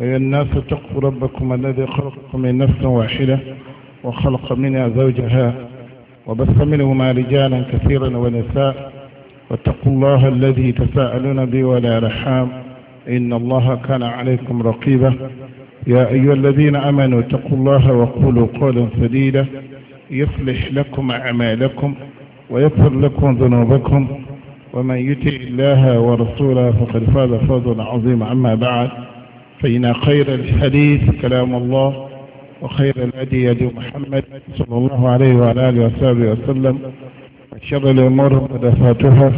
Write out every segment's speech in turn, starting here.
أيها الناس اتقوا ربكم الذي خلقكم من نفس واحدة وخلق منها زوجها وبث منهما رجالا كثيرا ونساء واتقوا الله الذي تساءلون به ولا رحام إن الله كان عليكم رقيبا يا أيها الذين أمنوا اتقوا الله وقولوا قولا سديدا يصلح لكم أعمالكم ويغفر لكم ذنوبكم ومن يطع الله ورسوله فقد فاز فوزا عظيما أما بعد فإن خير الحديث كلام الله وخير الهدي هدي محمد صلى الله عليه وعلى آله وصحبه وسلم وشر الأمور محدثاتها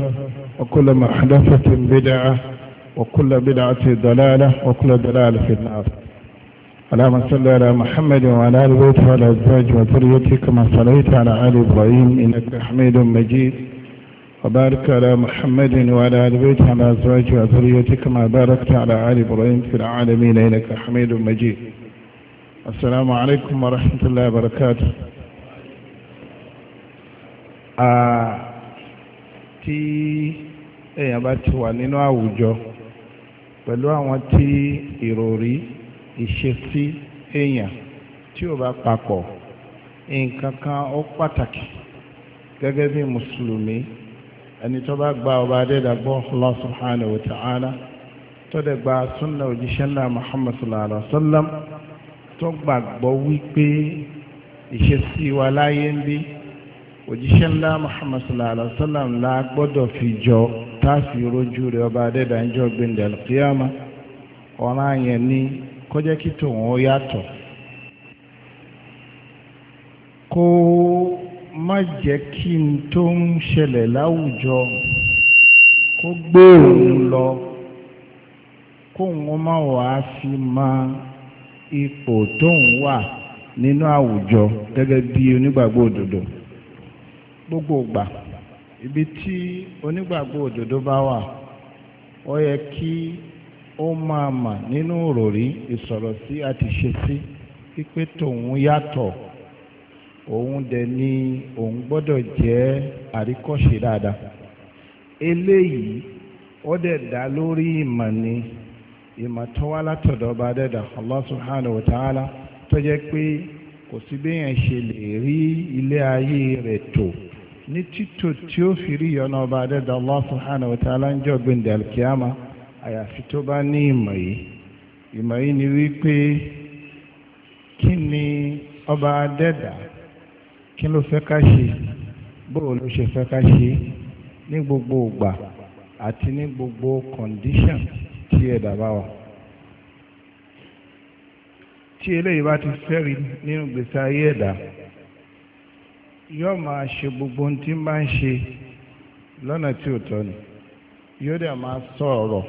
وكل محدثة بدعة وكل بدعة ضلالة وكل ضلالة في النار اللهم صل على محمد وعلى آل بيته وعلى أزواجه وذريته كما صليت على آل إبراهيم إنك حميد مجيد وبارك على محمد وعلى آل بيته على أزواجه وذريته كما باركت على آل إبراهيم في العالمين إنك حميد مجيد السلام عليكم ورحمة الله وبركاته tí èèyàn bá ti wà nínú àwùjọ pẹ̀lú àwọn tí ìròrí ìṣesí èèyàn tí ò bá papọ̀ nǹkan kan ó pàtàkì gẹ́gẹ́ bí mùsùlùmí ẹni tó bá gba ọba adédàgbọ́ Allah subhanahu wa ta'ala tó dẹ̀ gba súnà òjíṣẹ́ ńlá Muhammad sallallahu alaihi wa sallam tó gbàgbọ́ wípé ìṣesí wa láyé ń bí òjíṣẹ́ ńlá Muhammad sallallahu alaihi wa sallam la gbọ́dọ̀ fi jọ táàfì rojú rẹ̀ ọba adédà gbẹ̀ndẹ̀ al ọ̀ràn yẹn ní kọjá kí tòun yàtọ̀ kó má jẹ́ kí n tó ń ṣẹlẹ̀ láwùjọ kó gbé òun lọ kóun má wàá fi mọ ipò tóun wà nínú àwùjọ gẹ́gẹ́ bí onígbàgbọ́ òdodo gbogbo ìgbà ibi tí onígbàgbọ́ òdodo bá wà ó yẹ kí ó máa mà nínú òròrí ìsọ̀rọ̀ sí àti ṣe sí pípé tòun yàtọ̀ òun dẹ ni òun gbọ́dọ̀ jẹ́ àríkọ́ṣe dáadáa eléyìí ó lórí ni ìmọ̀ tó wá ọba Allah subhanahu wa tó pé kò sí ṣe lè rí ilé ayé rẹ̀ tò ní títò tí ọba Allah wa ń jọ àyàfi tó bá ní yìí yìí ni wípé kí ni ọba kí ló fẹ́ ká ṣe bóò ló ṣe fẹ́ ká ṣe ní gbogbo ìgbà àti ní gbogbo condition tí ẹ̀dá bá wà tí eléyìí bá ti fẹ́rí nínú gbèsè ayé ẹ̀dá yóò máa ṣe gbogbo ohun tí ń bá ń ṣe lọ́nà tí ò tọ́ ni yóò dẹ̀ máa sọ̀rọ̀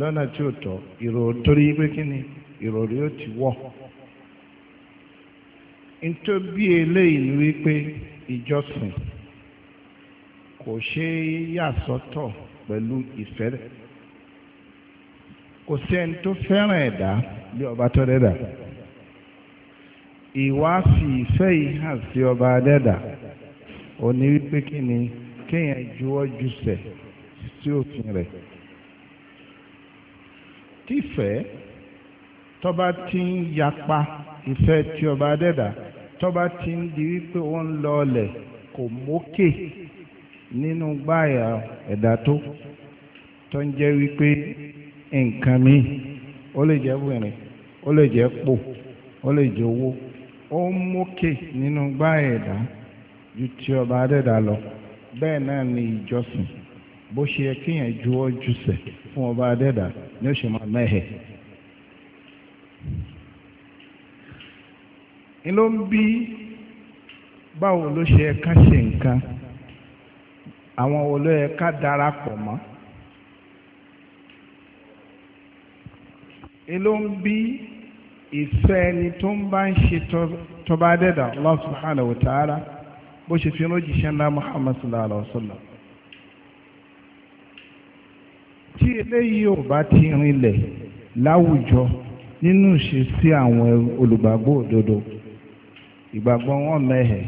lọ́nà tí ò tọ́ ìrò torí pé kí ni ìròrí ó ti wọ̀ nítorí bí eléyìí ni wípé ìjọsìn kò ṣeé yà sọ́tọ̀ pẹ̀lú ìfẹ́ rẹ̀ kò sí ẹni tó fẹ́ràn ẹ̀dá bí ọba tó dẹ́dà ìwà fi ìfẹ́ yìí hàn sí ọba dẹ́dà ó wípé kí ni kéèyàn juwọ́ jùsẹ̀ sí òfin rẹ̀ tífẹ̀ẹ́ tọ́ba ti ń yapa ìfẹ́ tí ọba dẹ́dà tọ́ba ti ń di wípé ó ń lọ ọlẹ̀ kò mókè nínú gbáyà ẹ̀dá tó tó ń jẹ́ wípé nǹkan míì ó lè jẹ́ wìrìn ó lè jẹ́ pò ó lè jẹ́ owó ó ń mókè nínú gbáyà ẹ̀dá ju ti ọba adẹ́dà lọ bẹ́ẹ̀ náà ni ìjọsìn bó ṣe yẹ kéèyàn juwọ́ jùsẹ̀ fún ọba adẹ́dà ni ó ṣe máa ni ló ń bí báwo ló ṣe ká ṣe nǹkan àwọn wo ló darapọ̀ mọ́ ni ló ń bí ìfẹ́ ẹni tó ń bá ń ṣe tọba dẹ́dà Allah subhanahu wa ta'ala bó ṣe fi ránjíṣẹ́ ńlá Muhammad sallallahu alaihi wa sallam tí eléyìí ò bá ti rinlẹ̀ láwùjọ nínú ìṣesí àwọn olùgbàgbọ́ òdodo ìgbàgbọ́ wọn mẹ́hẹ̀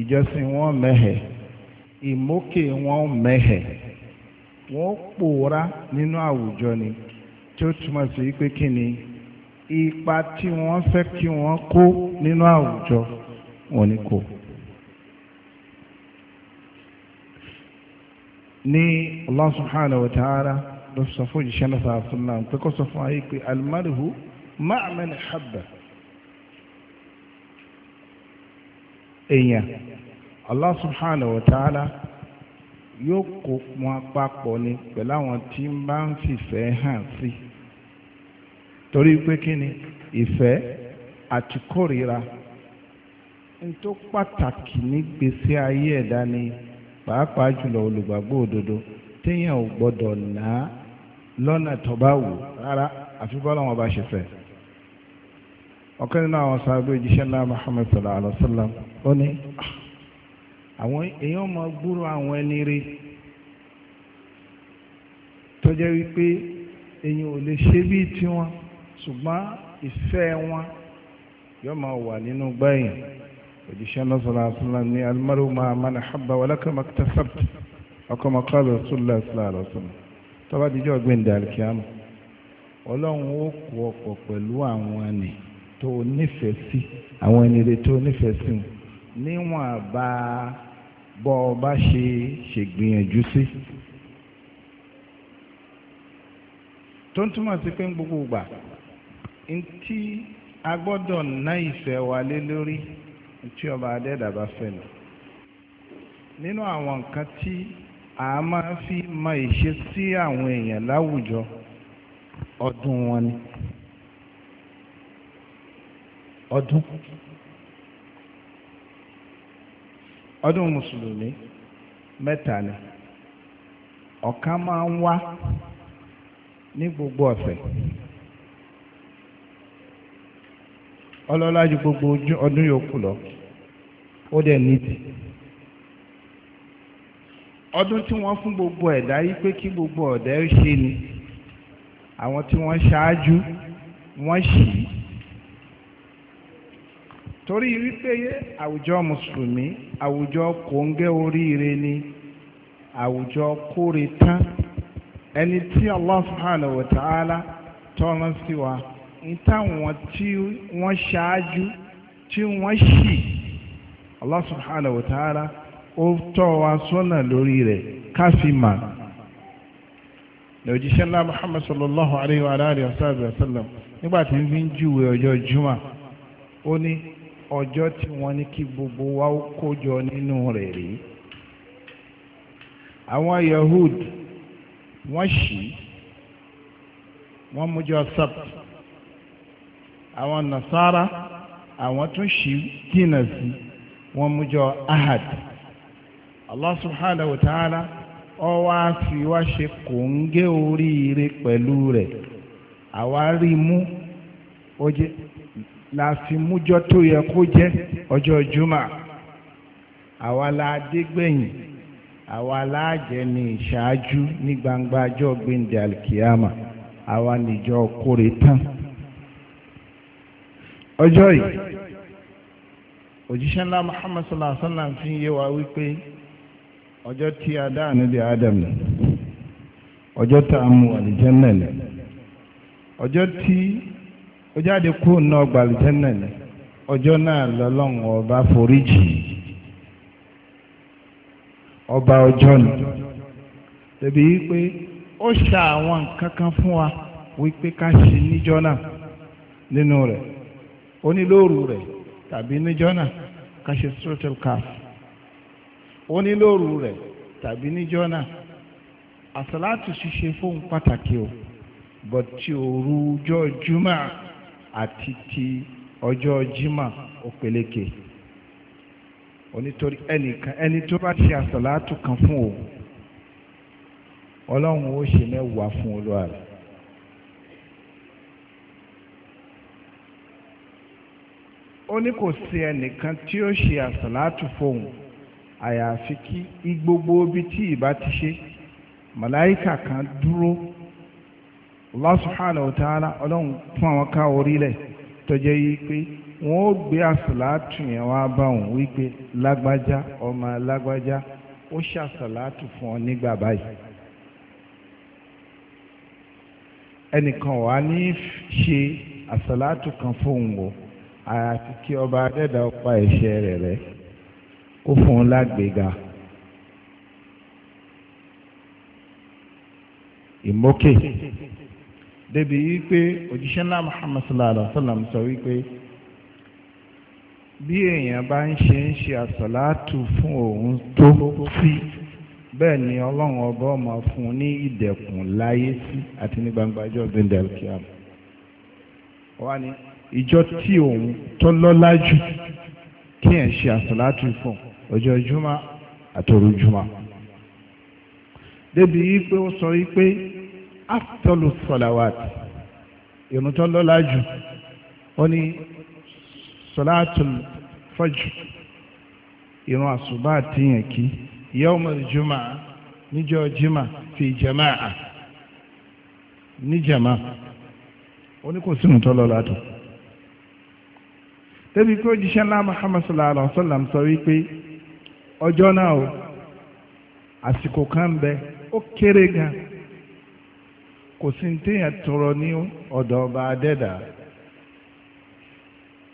ìjọsìn wọn mẹ́hẹ̀ ìmókè wọn mẹ́hẹ̀ wọ́n pòórá nínú àwùjọ ni tí ó túmọ̀ sí wípé kí ni ipa tí wọ́n fẹ́ kí wọ́n kó nínú àwùjọ wọn ni kò. ní Allah subhanahu wa ta'ala ló sọ náà sàásùn náà pé sọ fún ayé pé al-mar'u ma'a man èèyàn Allah subhanahu wa ta'ala yóò kó wọn ni pẹ̀lú àwọn tí ń bá ń fìfẹ́ hàn sí torí pé kí ni ìfẹ́ àti kórìíra tó pàtàkì nígbésí ayé ẹ̀dá ni pàápàá jùlọ olùgbàgbọ́ òdodo téèyàn ò gbọ́dọ̀ ná lọ́nà tó bá wù rárá wọn bá ṣe fẹ́ nínú àwọn sábẹ́ òjíṣẹ́ náà sallallahu wa sallam. ó ní ah, àwọn èèyàn máa gbúrò àwọn ẹni rè tó jẹ́ wípé èèyàn ò lè ṣe bíi tiwọn ṣùgbọ́n ìfẹ́ wọn yóò máa wà nínú gbẹ̀yìn òjíṣẹ́ náà sọ̀rọ̀ àṣùlá ní alimaru muhammad habba walakama tasabt ọkọ̀ mọ̀kálù rasulillah sallallahu alaihi wasallam tọ́ba díjọ́ alikiyama ọlọ́run ó kú ọ̀pọ̀ pẹ̀lú àwọn ẹni tó nífẹ̀ẹ́ sí àwọn ẹni rè tó nífẹ̀ẹ́ sí wọn níwọ̀n bá bọ́ ọ bá ṣe ṣègbìyànjú sí. tó ń túmọ̀ sí pé ń gbogbo ìgbà ntí a gbọ́dọ̀ ná ìfẹ́ wa lé lórí tí ọba adẹ́dàbá fẹ́ lọ. nínú àwọn nǹkan tí a máa fi mọ ìṣe sí àwọn èèyàn láwùjọ ọdún wọn ni ọdún. ọdún mùsùlùmí mẹ́ta ni ọ̀kan máa ń wá ní gbogbo ọ̀sẹ̀ ọlọ́lá ju gbogbo ọdún yòókù lọ ó dẹ̀ nídìí ọdún tí wọ́n fún gbogbo ẹ̀dá yí pé kí gbogbo ọ̀dẹ́ ṣe ni àwọn tí wọ́n ṣáájú wọ́n ṣì í torí wípé àwùjọ mùsùlùmí àwùjọ kòńgẹ́ oríire ni àwùjọ kóre tán ẹni tí Allah subhanahu wa ta'ala tọ́ran sí wa ní tí wọ́n ṣáájú tí wọ́n ṣì Allah subhanahu wa ta'ala ó tọ́ wa sọ́nà lórí rẹ̀ káfíìmà ńlá Muhammad sallallahu alayhi wa alayhi wa sallam nígbà tí fi juma ọjọ́ tí wọ́n ní kí gbogbo wa ó kójọ nínú rẹ̀ rí àwọn Yahud wọ́n ṣì wọ́n mújọ sábà àwọn Nasara àwọn tún ṣì jìnnà sí wọ́n mújọ ahad Allah subhanahu wa ta'ala ọ wá fi wá ṣe kòńgẹ́ oríire pẹ̀lú rẹ̀ àwa rí mú ó jẹ́ la fi mújọ́ tó yẹ kó jẹ́ ọjọ́ juma àwa la dégbẹ̀yìn àwa la jẹ́ ní ìṣáájú ní gbangba ajọ́ gbẹ̀ndẹ̀ alikiyama àwa níjọ kórè tán ọjọ́ yìí òjíṣẹ́ ńlá muhammad sallallahu alaihi wa sallam fi yé wa wípé ọjọ́ tí a dá ànábì adam ni ọjọ́ tá a mú àlìjẹ́ náà ni ọjọ́ tí. ó jáde kúrò ní ọgbà àlùjẹ́nà ọjọ́ náà lọ́lọ́run ọba foríjì ọba ọjọ́ ni tẹ̀bí wípé ó ṣa àwọn nǹkan kan fún wa wípé ká ṣe níjọ́ náà nínú rẹ̀ onílóòrù rẹ̀ tàbí níjọ́ náà ká ṣe strotel calf onílóòrù rẹ̀ tàbí níjọ́ náà àsàlátù ṣíṣe fóun pàtàkì o bọ̀tí òru ọjọ́ jùmọ̀. àti ti ọjọ́ jimá ó peléke onítorí ẹnìkan ẹni tó bá ṣe àsàlátù kan fún o ọlọ́run ó ṣe mẹ́wàá fún olúwa rẹ̀. ó ní kò sí ẹnìkan tí ó ṣe àsàlátù fóun àyàfi kí gbogbo ibi tí ìbá ti ṣe màláìkà kan dúró Allah subhanahu wa ta'ala ọlọ́run fún àwọn ká orílẹ̀ tó jẹ́ yí pé wọ́n ó gbé àsàlátù yẹn wá bá wọn wípé lágbájá ọmọ lágbájá ó ṣàsàlátù fún ọ nígbà báyìí. ẹnìkan wà ní ṣe àsàlátù kan fóun o àyàfi kí ọba adẹ́dà ọpa ẹ̀ṣẹ̀ rẹ̀ rẹ̀ kó fún un lágbèéga. ìmọ̀kè. Okay débi wípé òjíṣẹ́ náà Muhammad sallallahu alaihi wa sallam sọ wípé bí èèyàn bá ń ṣe ń ṣe àsàlátù fún òun tó sí bẹ́ẹ̀ ni ọlọ́run ọba ọmọ fún un ní ìdẹ̀kùn láyé sí àti ní gbangba ọjọ́ bíndẹ̀l kíam wá ní ìjọ tí òun tó lọ́lá jù kí ẹ̀ ṣe àsàlátù fún ọjọ́ júmọ́ àtòrú júmọ́ débi wípé ó sọ wípé afdọ́lù sọ̀làwàtì ìrun tó lọ́lá jù ó ní sọ̀làtù fọ́jù ìrun àṣùbà àtìyàn kí yawmal fi jama'a ni jama'a oni ní kò sínú tó lọ́lá tó débi pé òjíṣẹ́ ńlá Muhammad sallallahu alaihi wa sallam sọ wípé ọjọ́ náà o àsìkò kan bẹ ó kéré gan kò sí téèyàn tọrọ ní ọ̀dọ̀ ọba adẹ́dà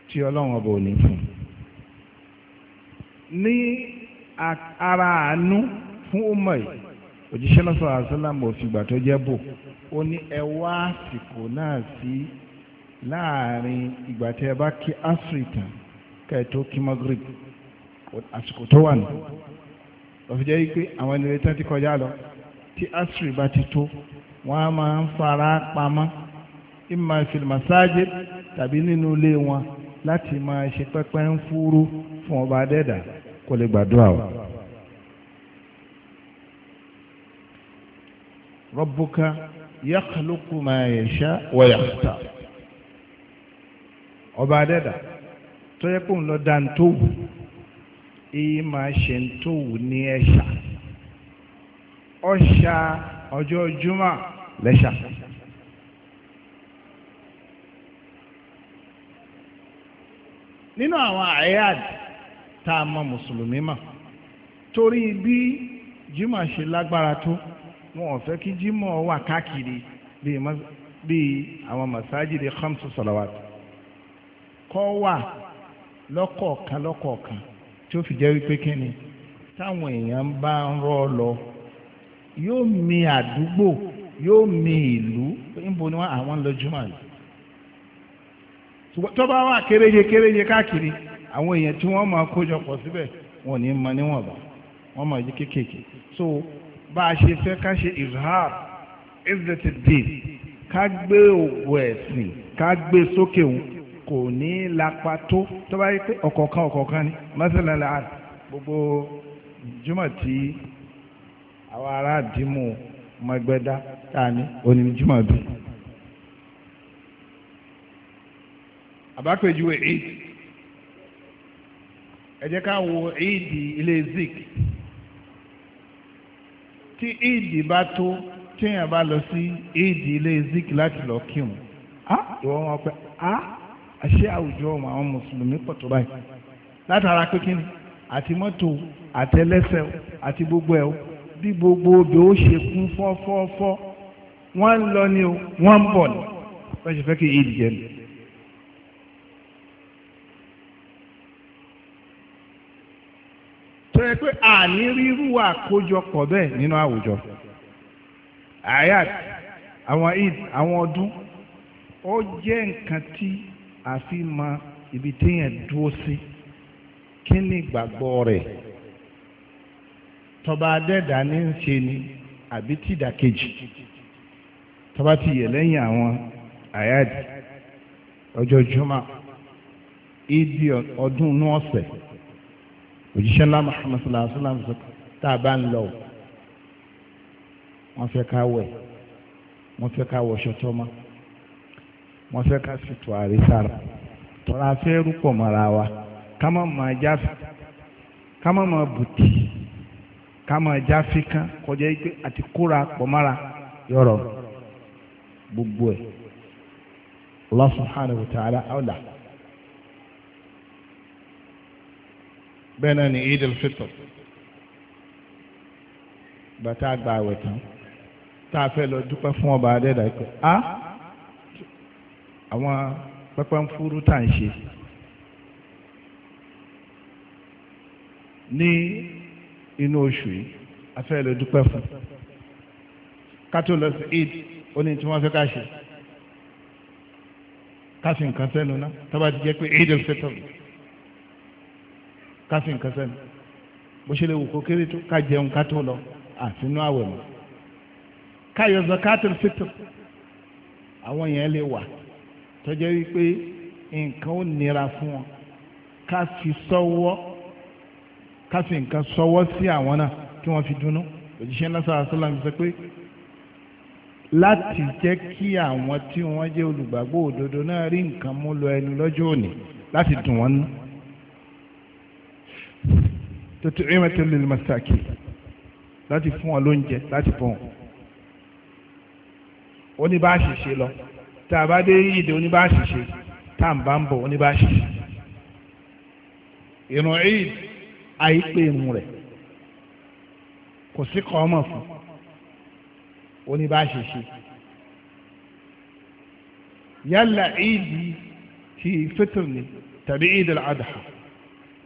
tí ọlọ́run ọba ò ní fún ní ara àánú fún ọmọ yìí òjíṣẹ́ náà sọ̀rọ̀ àṣálàmù òfìgbà tó jẹ́ bò ó ní ẹ wá àsìkò náà sí láàrin ìgbà tí ẹ bá kí áfíríkà kẹ́ẹ̀tó kí àsìkò tó wà nù lọ́fíjẹ́ yìí pé àwọn ènìyàn tó ti kọjá lọ tí áfíríkà bá ti tó wọ́n á máa ń fara pamọ́ ìmọ̀ ìfìlìmọ̀sáájì tàbí nínú ilé wọn láti máa ṣe pẹ́pẹ́ ń fúrú fún ọba adẹ́dà kó lè gbàdúrà o. rọ́bùkà yakhluqu ma yasha wa yakhtar ọba adẹ́dà tó yẹ kó lọ dá tó èyí máa ṣe tó ní ẹ̀ṣà ọ̀ṣà ọjọ́ jùmọ̀ lẹ́ṣà. nínú àwọn ayad tá a mọ mùsùlùmí mà torí bí jimá ṣe lágbára tó wọn ò fẹ́ kí jimá wà káàkiri bíi àwọn masajidi khamsu salawat kọ́ wà lọ́kọ̀ọ̀kan lọ́kọ̀ọ̀kan tí ó fi jẹ́ wípé kíni táwọn èèyàn bá ń rọ́ lọ yóò mi àdúgbò yóò mi ìlú níbo ni wọn àwọn lọ jùmọ̀ yìí tó bá wà kéréje kéréje káàkiri àwọn èèyàn tí wọ́n máa kójọ pọ̀ síbẹ̀ wọn ní ma níwọ̀nba wọ́n máa yí kéékèèké so bá a ṣe fẹ́ ká ṣe izhar izzati din ká gbé òwò ẹ̀sìn ká gbé sókè òun kò ní lapa tó tó bá yẹ pé ọ̀kọ̀ọ̀kan ọ̀kọ̀ọ̀kan ni mọ́sálálà gbogbo jùmọ̀ tí àwọn ará dìímù mọ̀gbẹ́dá tani onímọ̀júmọ̀bí. àbápẹ̀júwe eid ẹ jẹ́ ká wo eid ilé zik tí eid bá tó téèyàn bá lọ sí eid ilé zik láti lọ kírun á ìwọ wọn pẹ á àṣẹ àwùjọ àwọn mùsùlùmí pọ̀ tó báyìí látara pé kíni àti mọ́tò àtẹlẹsẹ̀ àti gbogbo ẹ̀ o bí gbogbo odò ó ṣe kún fọ́fọ́fọ́ wọ́n ń lọ ni wọ́n ń bọ̀ ni wọ́n ṣe kí ìdí jẹ́ ni. tó yẹ pé àní rírú àkójọpọ̀ bẹ́ẹ̀ nínú àwùjọ ayat àwọn id àwọn ọdún ó jẹ́ nǹkan tí a fi mọ ibi téèyàn dúró sí kí ni ìgbàgbọ́ rẹ̀ tọba adẹ́dà ní ń ṣe ni àbí tìdàkejì tọba ti yẹ lẹ́yìn àwọn àyáàdì ọjọ́ jùmọ̀ ìdí ọdún inú ọ̀sẹ̀ òjíṣẹ́ ńlá Muhammad sallallahu alaihi wasallam tá a bá ń lọ wọ́n fẹ́ ká wẹ̀ wọ́n fẹ́ ká wọṣọ tọ́mọ wọ́n fẹ́ ká ṣètò àrísára tọ́ra fẹ́ rúpọ̀ mọ́ra wa ká má máa jáfe ká má máa bùtì ká máa já fíkán kọjá yìí pé àti kóra pọ̀mára yọrọ gbogbo ẹ̀ Allah subhanahu wa ta'ala awla. bẹ́ẹ̀ náà ni Eid al-Fitr bàtà gba àwẹ̀ tán tá a fẹ́ lọ dúpẹ́ fún ọba adẹ́dà pé a àwọn pẹ́pẹ́ ń tá à ṣe ní inú oṣù yìí afẹ́ lè dúpẹ́ fún kátó lọ sí eid ó ní tí wọ́n fẹ́ ká ṣe kásì nǹkan sẹ́nu ná tọ́ba ti jẹ́ pé eid of setom kásì nǹkan sẹ́nu bó ṣe lè wù kó kéré tó ká jẹun kátó lọ àfinú àwẹ̀ mọ́ káyọ̀ zakatul fitr àwọn yẹn lè wà tọ́jọ́ wípé nǹkan ó nira fún wọn ká fi sọ́wọ́. So kásì nǹkan sọwọ́ sí àwọn náà kí wọ́n fi dùnnú òjíṣẹ́ náà sọ̀rọ̀ sọ́lá mi sọ pé láti jẹ́ kí àwọn tí wọ́n jẹ́ olùgbàgbọ́ òdodo náà rí nǹkan mú lọ ẹnu lọ́jọ́ òní láti dùn wọ́n nú. tètè ìmọ̀ tó lè mọ̀sáàkì láti fún wọn lóúnjẹ láti fún wọn. oníbàṣìṣe lọ tá a bá dé ìdè oníbàṣìṣe tá à ń bá ń bọ̀ oníbàṣìṣe. ìrùn ìdè àìpé irun rẹ̀ kò sí kọ́ ọmọ fún oníbàṣeṣe yálà ìdí ti fitr ni tàbí ìdí àdàhà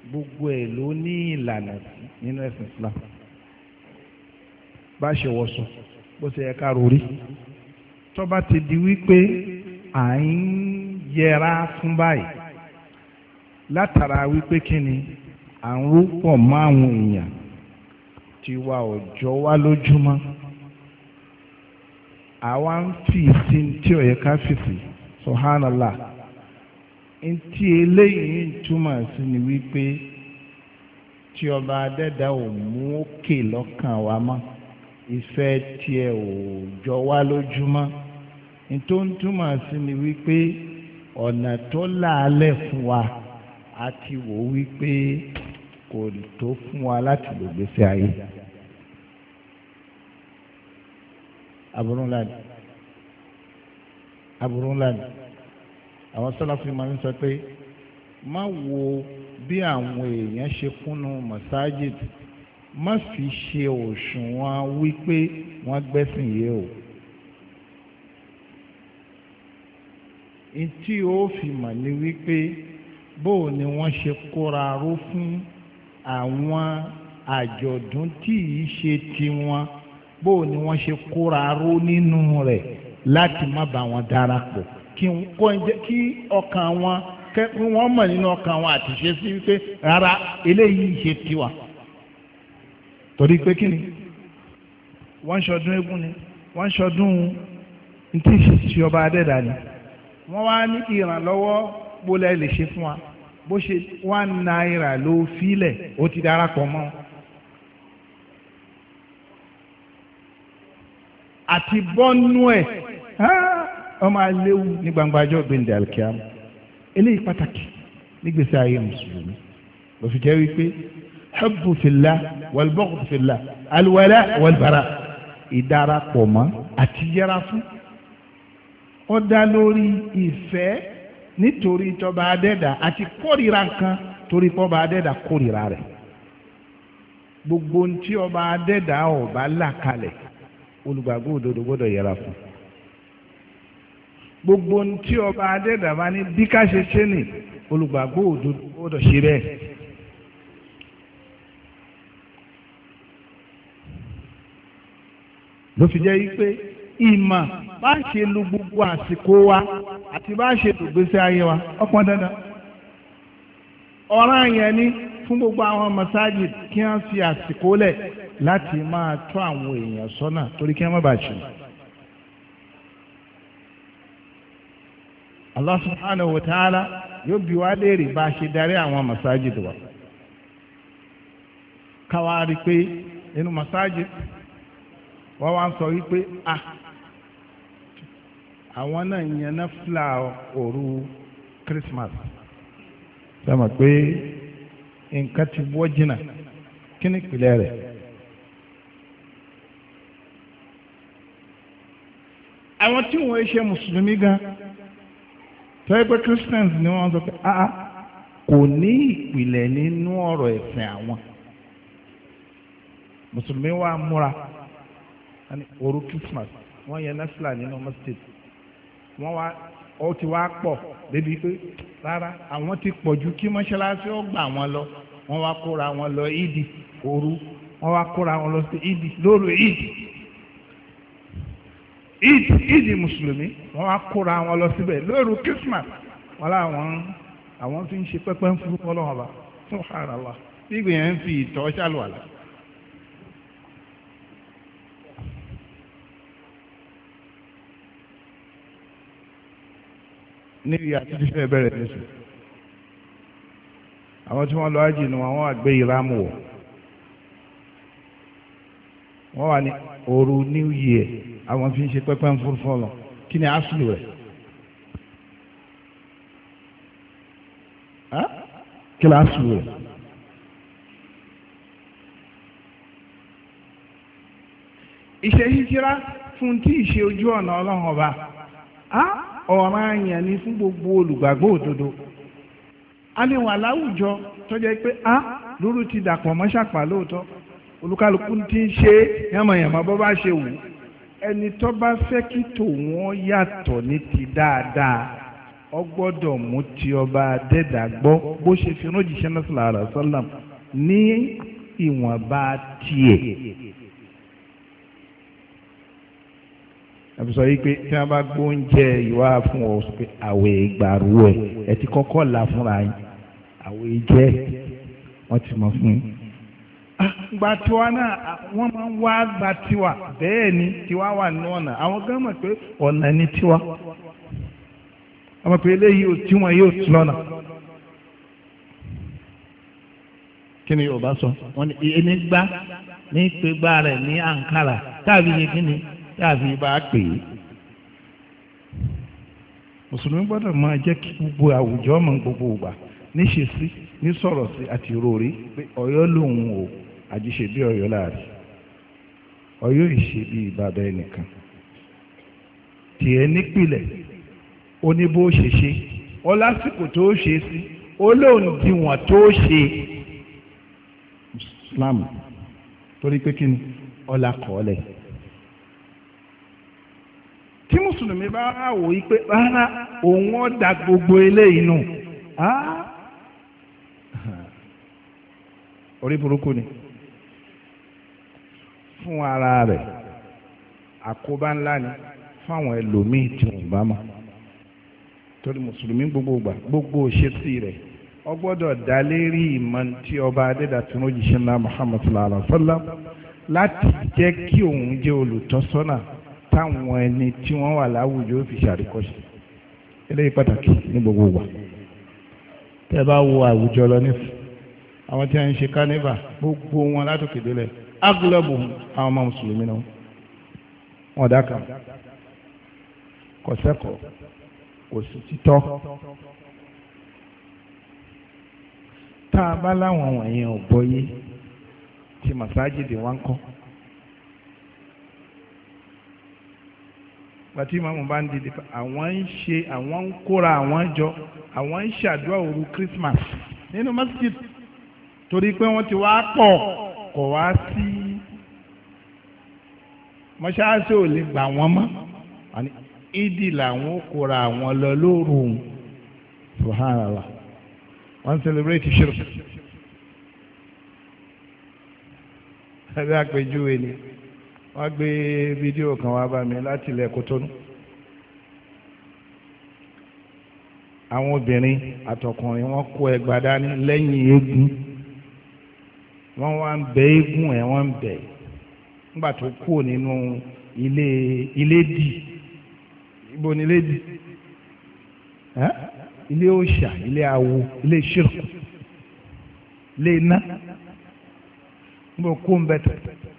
gbogbo ẹ̀ ló ní ìlànà nínú ẹ̀sìn Islam bá ṣe wọ̀sùn bó ṣe yẹ ká rori tó ti di wípé à ń yẹra fún báyìí látara wípé kí ni à ń rúpọ̀ mọ́ àwọn èèyàn tiwa ọ̀jọ́ wa lójúmọ́ àwa ń fi ìsìn tí ó yẹ ká fìsì subhanallah ntí eléyìí ń túmọ̀ sí ni wípé tí ọba adẹ́dá ò mú òkè lọ́kàn wa mọ́ ìfẹ́ tiẹ̀ ò jọ wá lójúmọ́ ntó ń túmọ̀ sí ni wípé ọ̀nà tó láàlẹ̀ fún wa a ti wò wípé kò tó fún wa láti lò gbèsè ayé aburú ńlá ni aburú ńlá ni àwọn sọláfì máa ń sọ pé má wo bí àwọn èèyàn ṣe kúnnú masajid má fi ṣe òṣùwọ̀n wípé wọ́n gbẹ́sìn yé o. ntí o fi mà ní wípé bóò ni wọ́n ṣe kóra ró fún àwọn àjọ̀dún tí ì ṣe tiwọn bó ni wọ́n ṣe kóra ró nínú rẹ̀ láti má bá wọn darapọ̀ kí ọkàn wọn kí wọ́n mọ̀ nínú ọkàn wọn àti ṣe sí wípé rárá eléyìí ṣe tiwa torí pé kí ni wọ́n ń ṣọdún eégún ni wọ́n ń ṣọdún ntí ṣe ọba adẹ́dà ni wọ́n wá ní ìrànlọ́wọ́ gbólẹ̀ lè ṣe fún wa bó ṣe one naira ló filẹ̀ ó ti darapọ̀ mọ́ àti bọ́nú ẹ̀ ah, ọmọ aléwu ní gbangba ajọ́ gbẹ̀ndẹ̀ alkiam eléyìí pàtàkì nígbèsè ayé mùsùlùmí ló fi jẹ́ wípé hubbu fillah wal bughd fillah alwala wal bara ìdarapọ̀ mọ́ àti yẹra fún ó lórí ìfẹ́ nítorí tọba adẹ́dà àti kórìíra nǹkan torí pọ́ba adẹ́dà kórìíra rẹ̀ gbogbo ohun tí ọba adẹ́dà ọba là kalẹ̀ olùgbàgbọ́ òdodo gbọ́dọ̀ yẹra fún gbogbo ohun tí ọba adẹ́dà bá ní bí ká ṣe ṣe nì olùgbàgbọ́ òdodo gbọ́dọ̀ ṣe bẹ́ẹ̀. ló fi jẹ́ yí pé ìmọ̀ bá ṣe lu gbogbo àsìkò wa àti bá ṣe ìgbésí ayé wa ọpọn dandan ọ̀ràn yẹn ni fún gbogbo àwọn masáàjì kí wọ́n fi àsìkò lẹ̀ láti máa tọ́ àwọn èèyàn sọ́nà torí kí wọ́n má bàa ṣe. Allah subhanahu wa ta'ala yóò bi wá léèrè bá a ṣe darí àwọn masáàjì wa káwa rí i pé nínú masáàjì wọ́n wá sọ wípé ah, àwọn náà yẹn náà fìlà òru Christmas sọmọ pé nǹkan ti wọ́ jìnnà kí ni ìpìlẹ̀ rẹ̀. àwọn tí wọ́n ṣe mùsùlùmí gan tọ́yẹ́ Christians ni wọ́n sọ pé ah kò ní ìpìlẹ̀ nínú ọ̀rọ̀ ẹ̀sìn àwọn mùsùlùmí wa múra òru Christmas wọ́n yẹn náà fìlà nínú ọmọ wọ́n wá ó ti wá pọ̀ débi pé rárá àwọn ti pọ̀ ju kí mọ́ṣáláṣí ó gbà wọ́n lọ wọ́n wá kóra wọn lọ ìdì òru wọ́n wá kóra wọn lọ sí ìdì lóru ìdì ìdì ìdì mùsùlùmí wọ́n wá kóra wọn lọ síbẹ̀ lóru Christmas wọ́n láwọn àwọn tó ń ṣe pẹ́pẹ́ ń fún ọlọ́wọ́n bá fún àràlà bí ìgbìyànjú fi ìtọ́ ṣàlùwàlà. níbi àti fífẹ́ bẹ̀rẹ̀ lẹ́sìn àwọn tí wọ́n lọ ájì ni wọ́n wà gbé ìrámù wọ̀ wọ́n wà ní òru new year àwọn fi ń ṣe pẹ́pẹ́ ń fún fún ọ kí ni áṣìlù rẹ̀ kí ni áṣìlù rẹ̀. ìṣe hijira fún tí ìṣe ojú ọ̀nà ọlọ́run ọba. ọ̀ranyàn ni fún gbogbo olùgbàgbọ́ òdodo a lè wà láwùjọ tó jẹ́ pé a lóru ti dàpọ̀ mọ́ ṣàpà lóòótọ́ olùkálukú ti ń ṣe yànmọ̀yànmọ́ bó bá ṣe wù ẹni tó bá fẹ́ kí tòun yàtọ̀ ní ti dáadáa ti ọba àbísọ yìí pé tí wọn bá gbóúnjẹ ìwà fún ọ pé àwẹ̀ ìgbàrú ẹ ẹ ti kọ́kọ́ là fúnra yín àwẹ̀ jẹ wọn ti mọ fún un. Ah, gba tiwa náà ah, wọn máa ń wá gba tiwa bẹ́ẹ̀ ni tiwa wà ní ọ̀nà àwọn gan mọ̀ pé ọ̀nà ni tiwa àwọn pé eléyìí ò tí wọn yóò tún lọ́nà. kí ni Yorùbá sọ wọn ni ẹni gbá ní pé rẹ ní Ankara tàbí ní kí ni táàfin bá pè é mùsùlùmí gbọ́dọ̀ máa jẹ́ kí gbogbo àwùjọ mọ̀ gbogbo ìgbà níṣe sí ní sọ̀rọ̀ sí àti rori pé ọ̀yọ́ lòun o àjíṣe bí ọ̀yọ́ láàrin ọ̀yọ́ ìṣe bí ìbàdàn ẹnìkan tiẹ̀ nípìlẹ̀ ó ní bó ṣe ṣe ó lásìkò tó ṣe sí ó lóun diwọ̀n tó ṣe Islam torí pé kí ni ọlá kọ́ ọ lẹ́yìn. tí mùsùlùmí bá wò yí pé rárá òun ó da gbogbo eléyìí nù orí burúkú ni fún ara rẹ̀ àkóbá ńlá ni fáwọn ẹlòmíì tí wọn bá mọ̀ torí mùsùlùmí gbogbo gbà gbogbo òṣèṣì rẹ̀ ó gbọ́dọ̀ dá lérí ọba adédàtún òjíṣẹ́ ńlá muhammadu sallallahu alaihi wa sallam láti jẹ́ kí òun jẹ́ olùtọ́sọ́nà táwọn ẹni tí wọ́n wà láwùjọ fi ṣàríkọ́ṣe eléyìí pàtàkì ní gbogbo wa tẹ́ bá wo àwùjọ lọ ní àwọn tí wọ́n ń ṣe kánífà gbogbo wọn látòkè délẹ̀ agulọ́bù àwọn ọmọ mùsùlùmí náà wọn dá kan kò sí títọ́ tá a bá láwọn wọ̀nyẹn ò yé tí màsáàjì dè wá bàtí ìmáàmù bá ń dìde àwọn ń ṣe àwọn ń kóra àwọn jọ àwọn ń ṣàdúrà òru Christmas nínú masjid torí pé wọ́n ti wá pọ̀ kọ̀ wá sí mọ́ṣáláṣí ò lè gbà wọ́n mọ́ ìdí làwọn ó kóra àwọn lọ lóru òun subhanallah wọ́n celebrate shirk. ẹgbẹ́ àpèjúwe ni wọ́n gbé fídíò kan wá bá mi láti ilẹ̀ Kótónú àwọn obìnrin àtọkùnrin wọ́n kó ẹgbà dání lẹ́yìn eégún wọ́n wá ń bẹ eégún ẹ̀ wọ́n ń bẹ̀ nígbà tó kúrò nínú ilé ilé dì ibo ni ilé dì ilé òòṣà ilé awo ilé ṣírkù ilé iná níbo kó ń bẹ tẹ̀tẹ̀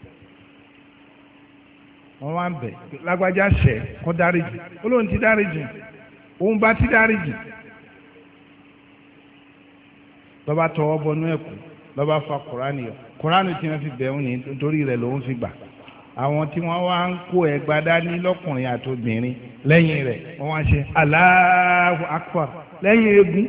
wọ́n wá ń bẹ̀ lágbájá ṣẹ̀ kọ́ dáríjì olóhùn ti dáríjì òun bá ti dáríjì lọ́ba tọwọ́ bọnú ẹ̀kú lọ́ba fa kùránì yọ kùránì tí wọ́n fi bẹ̀ òun ní torí rẹ̀ lòun fi gbà àwọn tí wọ́n wá ń kó ẹ̀gbá dání lọ́kùnrin àtobìnrin lẹ́yìn rẹ̀ wọ́n wá ṣe Allahu Akbar lẹ́yìn egun.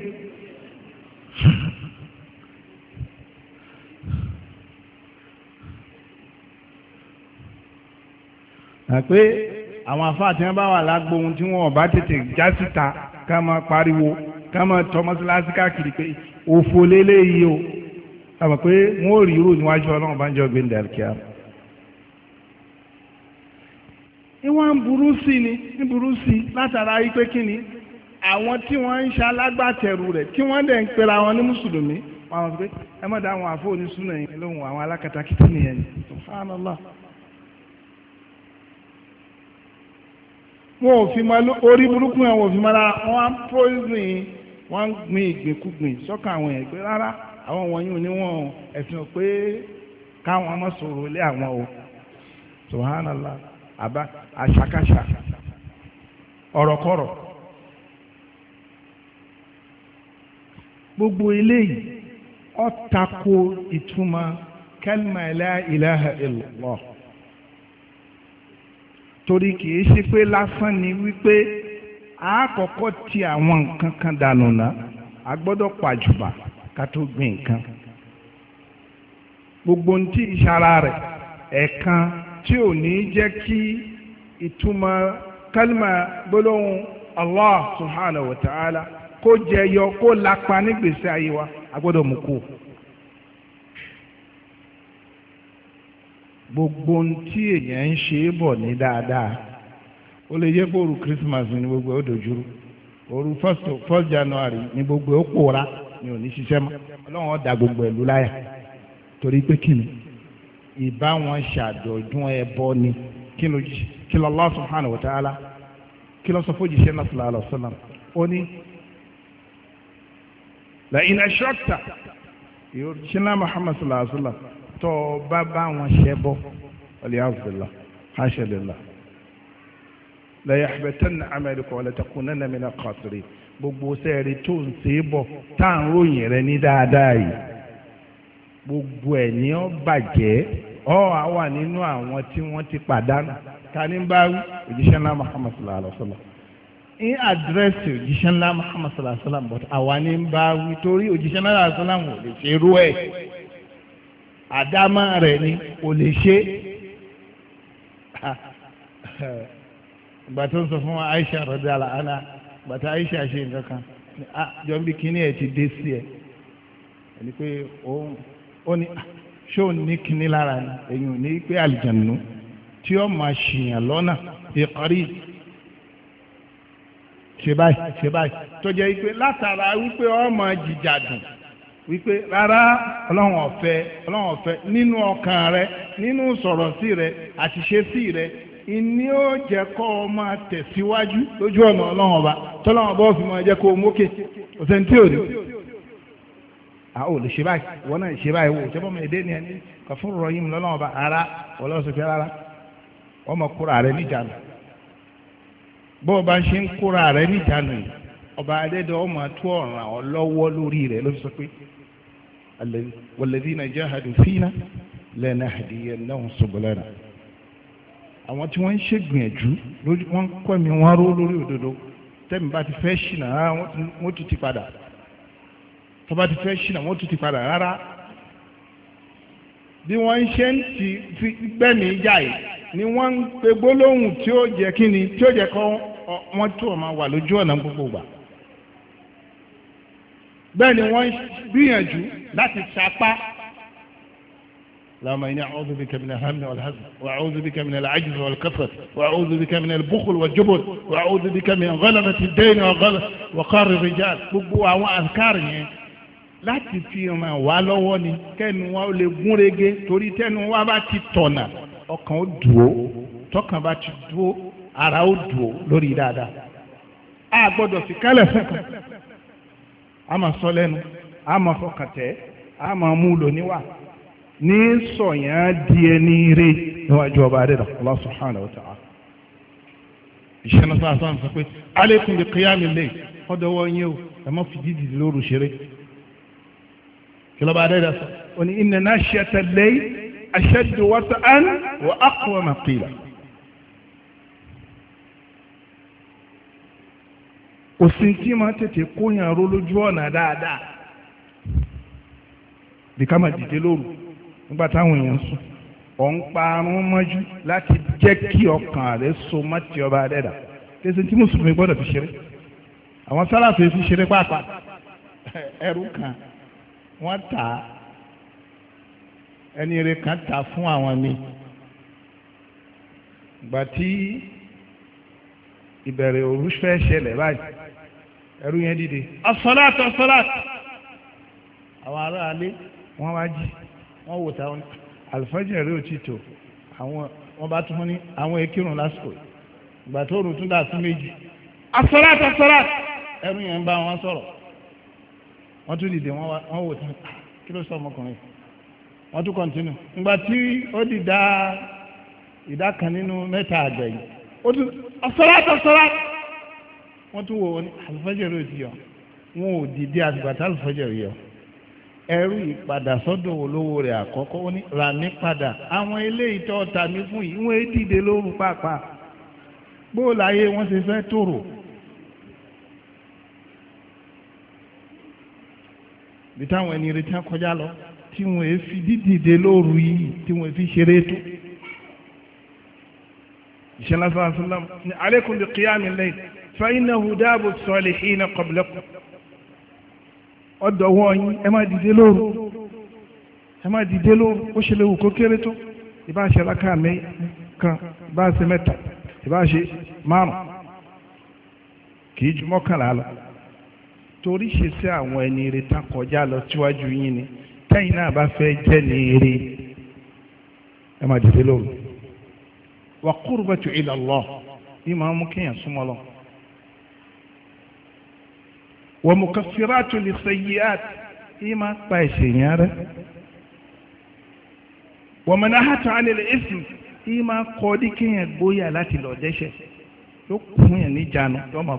pé àwọn afáà tí wọ́n bá wà lágbo ohun tí wọ́n bá tètè já síta ká máa pariwo ká máa tọ́ mọ́sálásí káàkiri pé òfò lélẹ́yìí o àmọ́ pé wọ́n ò rí irú níwájú ọlọ́run bá ń jọ gbẹ̀ǹdà kíá. ìwọ̀n ń burú sí ni ń burú sí látara wípé kí ni àwọn tí wọ́n ń ṣalágbàtẹ̀rù rẹ̀ tí wọ́n dẹ̀ ń pera wọn ní mùsùlùmí wọn àwọn pé ẹ má dá àwọn àfọ onísùnà lóhùn àwọn alákatakítí nìyẹn ni subhanallah. wọn ò fi ma orí burúkú yẹn wọn ò fi ma ra wọn á poison wọn á gbin ìgbìnkúgbìn àwọn yẹn rárá àwọn wọ̀nyí ò ní wọn ẹ̀sìn ò pé káwọn ọmọ sọ̀rọ̀ lé àwọn o subhanallah àbá àṣàkáṣà ọ̀rọ̀kọ̀rọ̀ gbogbo eléyìí ìtumọ̀ torí kì í ṣe pé lásán ni wípé a kọ́kọ́ ti àwọn nǹkan kan dànù ná a gbọ́dọ̀ pàjùbà ká tó gbin nǹkan gbogbo ohun tí ìṣara rẹ̀ ẹ̀ẹ̀kan tí ò ní jẹ́ kí ìtumọ̀ kálímà gbólóhùn Allah subhanahu wa ta'ala kó jẹyọ kó lápá nígbèsè ayé wa a gbọ́dọ̀ mú kó gbogbo ohun tí èèyàn ń ṣe é bọ̀ ní dáadáa ó lè jẹ́ kóoru Christmas ní gbogbo ó dojúrú òru first January ní gbogbo ó pòórá ní òní ṣiṣẹ́ mọ́ ọlọ́run gbogbo láyà torí pé kí ni ìbá wọn ṣàjọ̀dún ẹbọ ni kí ló jí kí ló la Muhammad sallallahu tọ́ ọ bá bá wọn ṣẹ́ bọ́ aliyahudullah aṣẹlẹ̀lá la yahbatanna amaluka wala takunanna mina khasirin gbogbo sẹ́ẹ̀rì tó ń ṣe é bọ̀ tá à ń ròyìn rẹ ní dáadáa yìí gbogbo ẹ̀ ní ó bàjẹ́ ọ á wà nínú àwọn tí wọ́n ti pàdánù ta ni bá wí òjíṣẹ́ ńlá Muhammad sallallahu alaihi wa sallam in address òjíṣẹ́ ńlá Muhammad sallallahu alaihi wa sallam but àwa ni bá wí torí òjíṣẹ́ ńlá sallallahu alaihi wa sallam ò lè ṣe irú ẹ̀ àdámọ́ rẹ̀ ni kò lè ṣe ìgbà sọ fún Aisha rọdàlá ana ìgbà Aisha ṣe nǹkan kan ah, jọ bí kíní ẹ ti dé sí ẹ ẹni pé ó ní ah, ṣó ní kíní lára ni èyí ò ní pé àlìjànú tí ó máa ṣìyàn lọ́nà ìkọ́rí ṣe báyìí ṣe báyìí tó jẹ́ pé látara wípé ó máa jìjà dùn wípé rárá ọlọ́run ọ̀fẹ́ ọlọ́run ọ̀fẹ́ nínú ọkàn rẹ nínú sọ̀rọ̀ sí rẹ àṣìṣe sí rẹ ìní ó jẹ́ kọ́ ọ máa tẹ̀síwájú lójú ọ̀nà ọlọ́run ọba tọ́lọ́run ọba ó fi máa jẹ́ kó o mókè ọ̀sẹ̀ tí ò rí àwọn olùṣe báyìí wọn náà ṣe báyìí wò ṣẹ́bọ́n mi èdè ni ẹni kò fún rọ yín lọ́nà ọba ara ọlọ́sọ̀fẹ́ rárá wọ́n mọ̀ kóra rẹ níjànú bó bá ń ṣe ń kóra rẹ níjànú yìí ọba adẹ́dọ̀ ọmọ àtú ọ̀ràn ọ lọ́wọ́ lórí rẹ̀ ló fi sọ pé walladhina jahadu fina lanahdiyannahum subulana àwọn tí wọ́n ń ṣègbìyànjú lórí wọ́n kọ́ mi wọ́n ró lórí òdodo tẹ́mi bá ti fẹ́ ṣìnà rárá wọ́n tún ti padà tọ́ba ti fẹ́ ṣìnà wọ́n tún ti padà rárá bí wọ́n ń ṣe ń ti fi gbẹ́mí jáì ni wọ́n ń pe gbólóhùn tí ó jẹ́ kíni tí ó jẹ́ kọ́ wọ́n tó máa wà lójú ọ̀nà gbogbo gbà bẹ́ẹ̀ ni wọ́n gbìyànjú láti sapá اللهم إني أعوذ بك من الهم والحزن وأعوذ بك من العجز والكسل وأعوذ بك من البخل والجبن وأعوذ بك من غلبة الدين وقار الرجال gbogbo àwọn àǹkárì yẹn láti fi ràn wá lọ́wọ́ ni kẹ́nu wa lè gún régé torí tẹ́nu wa bá ti tọ̀nà ọkàn ó dùó tọkàn bá ti dùó ara ó dùó lórí dáadáa a gbọ́dọ̀ fi kálẹ̀ fún kan a máa sọ lẹ́nu a máa fọkàn tẹ́ a máa mú lò níwà ní sọ̀yàn di ẹni rè níwájú ọba adẹ́dà Allah subhanahu wa ta'ala. ìṣẹ́ náà sáà sáà sọ pé alaykum bi qiyamil layl ọdọwọ́ yín o ẹ má fi dídì lóru ṣeré kí lọ́ba adẹ́dà sọ. ó ní inna nashiyata al-layl ashaddu wat'an wa aqwama qila. kò sí tí máa tètè kóyàn ró lójú ọ̀nà dáadáa bí ká máa dìde lóru nígbà táwọn èèyàn sùn ọ̀ ń parun mọ́jú láti jẹ́ kí ọkàn rẹ̀ so má ti ọba rẹ̀ dà kẹsàn-án tí mùsùlùmí gbọ́dọ̀ fi ṣeré àwọn sálàfẹ́ fi ṣeré pàápàá ẹrú kan wọ́n tà á ẹni rẹ̀ kan tà fún àwọn ni gbàtí ìbẹ̀rẹ̀ òru fẹ́ ṣẹlẹ̀ báyìí ẹ̀rú yẹn dìde asọ́láàtì asọ́láàtì àwọn aráalé wọ́n wá jí wọ́n wò táwọn àlùfáàjì rẹ̀ ò tí tò àwọn wọ́n bá tún ní àwọn ekirun lásìkò ìgbà tó rùn tún dà sí méjì asọ́láàtì asọ́láàtì ẹ̀rú yẹn ń bá wọn sọ̀rọ̀ wọ́n tún dìde wọ́n wò tán ah, kí ló sọ ọmọkùnrin wọ́n tún kọ́ntínú ìgbà tí ó di dá ìdá kan nínú mẹ́ta àgbẹ̀yìn ó tún asọ́láàtì asọ́láàtì wọ́n tún wò ó ní àlùfájẹ̀rì ò ti yọ wọn ò dìde àgbàtà àlùfájẹ̀rì yọ ẹrú ìpadà sọ́dọ̀ olówó rẹ̀ àkọ́kọ́ ó ní rà mí padà àwọn eléyìí tó ta mí fún yìí wọ́n dìde lóru pàápàá bóòlù ayé wọ́n ṣe fẹ́ tòrò. bí táwọn ẹni retí akọjá lọ tí wọ́n fi dídìde lóru yìí tí wọ́n fi ṣeré tó ìṣẹ́lá sọ́lá sọ́lá ní alaykum bi qiyamil layl فإنه داب الصالحين قبلكم ọ̀dọ̀ wọn yín ẹ má dìde lóru ẹ má dìde lóru ó ṣe léwu kó kéré tó ìbá ṣe alákà mi kan ìbá ṣe mẹ́ta ìbá ṣe márùn kì í ju mọ́kànlá lọ torí ṣe sí àwọn ẹni rẹ tá kọjá lọ síwájú yín ni tẹ́yìn náà bá fẹ́ jẹ́ ní eré ẹ má dìde lóru wà qurbatu ila Allah bí màá mú kéèyàn súnmọ́ lọ́wọ́ wọ́n mú kàfíràtù lè sẹ́yìí àt yìí máa pa ẹ̀ṣẹ̀ yẹn rẹ̀ wọ́n mọ̀ náà hàtà alẹ́lẹ́ èsì yìí máa kọ́ ọ́ dí kéèyàn gbóyà láti lọ dẹ́ṣẹ̀ yóò kún yẹn níjànú yóò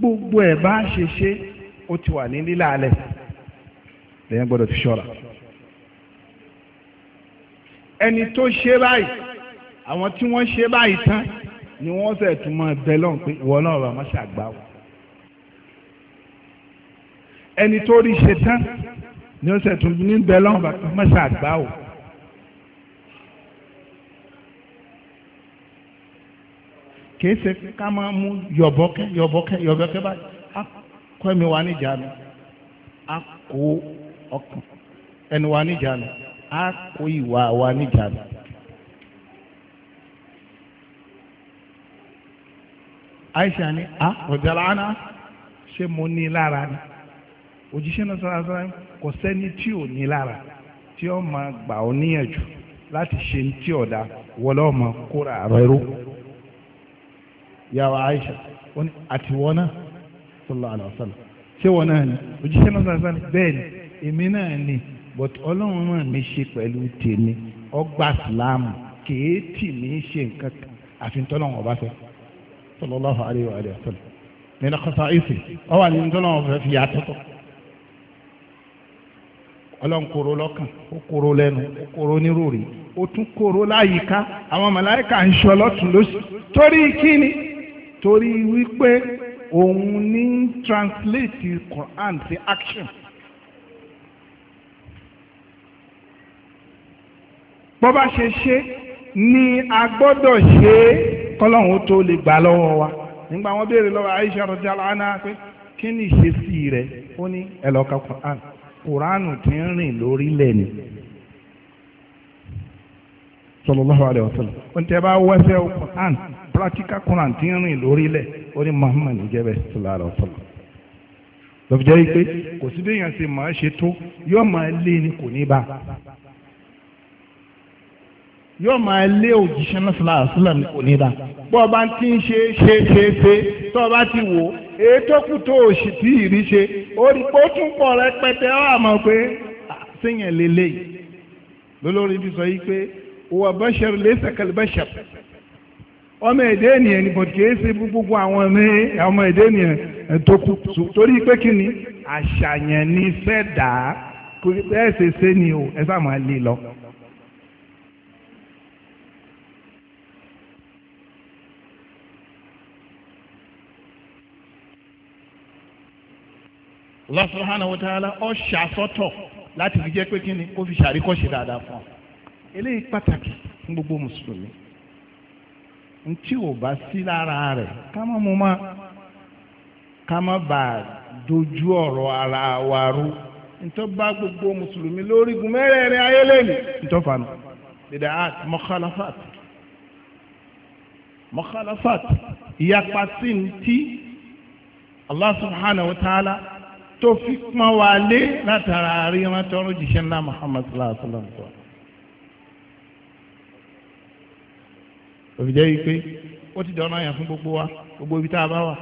gbogbo ẹ̀ bá ṣe ṣe ó ti wà ní lílà alẹ́ lẹ́yìn gbọ́dọ̀ fi ṣọ́ra ẹni tó ṣe báyìí àwọn tí wọ́n ṣe báyìí tán ni wọ́n fẹ́ tún máa bẹ lọ́n pé ìwọ náà rà má ṣàgbá wọn. ẹni tó rí ṣe tán ni ó ṣe tún ní bẹ lọ́n má ṣàgbá wọn. kìí ṣe ká máa mú yọ̀bọ̀kẹ́ yọ̀bọ̀kẹ́ yọ̀bọ̀kẹ́ báyìí á kọ́ ẹ̀mí wa níjà mi á kó ọkàn ẹni wa níjà mi á kó ìwà wa níjà mi. Aisha ni a ah, ọ̀dàlánà ṣé mo ní lára ni òjíṣẹ́ náà sárasára kò sẹ́ni tí ò ní lára tí ó máa gbà ọ́ níyànjú láti ṣe tí ọ̀dà wọlé ọmọ kóra rẹ yàrá Aisha àti wọn náà sallallahu alaihi wasallam ṣé wọn náà ni òjíṣẹ́ náà sárasára bẹ́ẹ̀ ni èmi náà ni but ọlọ́run náà mi ṣe pẹ̀lú tèmi ọgbà sílámù kèé tì ṣe nǹkan àfi tọ́lọ́run ọba fẹ́ sallallahu alayhi wa sallam nínú khasaisi ọwọ́ àti nítorí wọn fẹ́ fi yàtọ̀tọ̀ ọlọ́run kóró lọ́kàn ó kóró lẹ́nu ó kóró nírúurì ó tún kóró láyìíká àwọn màláíkà ń ṣọ lọ́tún lósì torí kíni torí wípé òun ní translate Quran sí action. bọ́bá ṣe ṣe ni a gbọ́dọ̀ ṣe é. kọ́lọ́hún tó lè gbà lọ́wọ́ wa nígbà wọn béèrè lọ́wọ́ Aisha radiyallahu anha pé kí ni ìṣesí rẹ̀ ó ní ẹlọ́ka Quran Quran ti ń rìn lórílẹ̀ ni ó ní tẹ́ bá wẹ́sẹ̀ Quran practical Quran ti ń rìn lórílẹ̀ ó ní jẹ́bẹ̀ lọ́fíjẹ́ yìí pé kò sí bí èèyàn ṣe máa ni kò ní bá yóò máa lé òjíṣẹ́ náà sílá sílẹ̀ ní kò ní dá bọ́ ọba ti ń ṣe ṣe ṣe ṣe tó ọba ti wò èyí tó kù tó òṣì tí ìrí ṣe ó tún pọ̀ rẹpẹtẹ ó àmọ́ pé séyàn lélẹ̀ yìí lólórí bí sọ yìí pé òwò bẹ́ṣẹ̀rù lẹ́sẹ̀kẹ̀lẹ̀ bẹ́ṣẹ̀rù ọmọ èdè ènìyàn ni bọ̀dì kìí ṣe gbogbo àwọn ọmọ èdè ènìyàn tó kù torí pé kí ni àṣàyàn ní sẹ́dá ẹ̀ ṣe ṣe ni o ẹ sáà máa lè lọ. Allah subhanahu wa ta'ala ọ ṣàsọ́tọ̀ láti fi jẹ́ pé kí ni kó fi ṣàríkọ́ṣe dáadáa fún ọ. eléyìí pàtàkì fún gbogbo mùsùlùmí n tí ò bá sí lára rẹ̀ ká má mú má ká má bà á dojú ọ̀rọ̀ ara wa rú ntọ́ bá gbogbo mùsùlùmí lórígun mẹ́rẹ̀ẹ̀rin ayé lẹ́nu ntọ́ fanu dèdè art mọ́kálafat mọ́kálafat ìyapa sí ti Allah subhanahu wa ta'ala tó fi pọ́n wa lé látara àríran tọrọ jíṣẹ́ ńlá Muhammad sallallahu alaihi wa sallam sọ. òfìjẹ́ yìí pé ó ti dọ̀nà yàn fún gbogbo wa gbogbo ibi tá a bá wà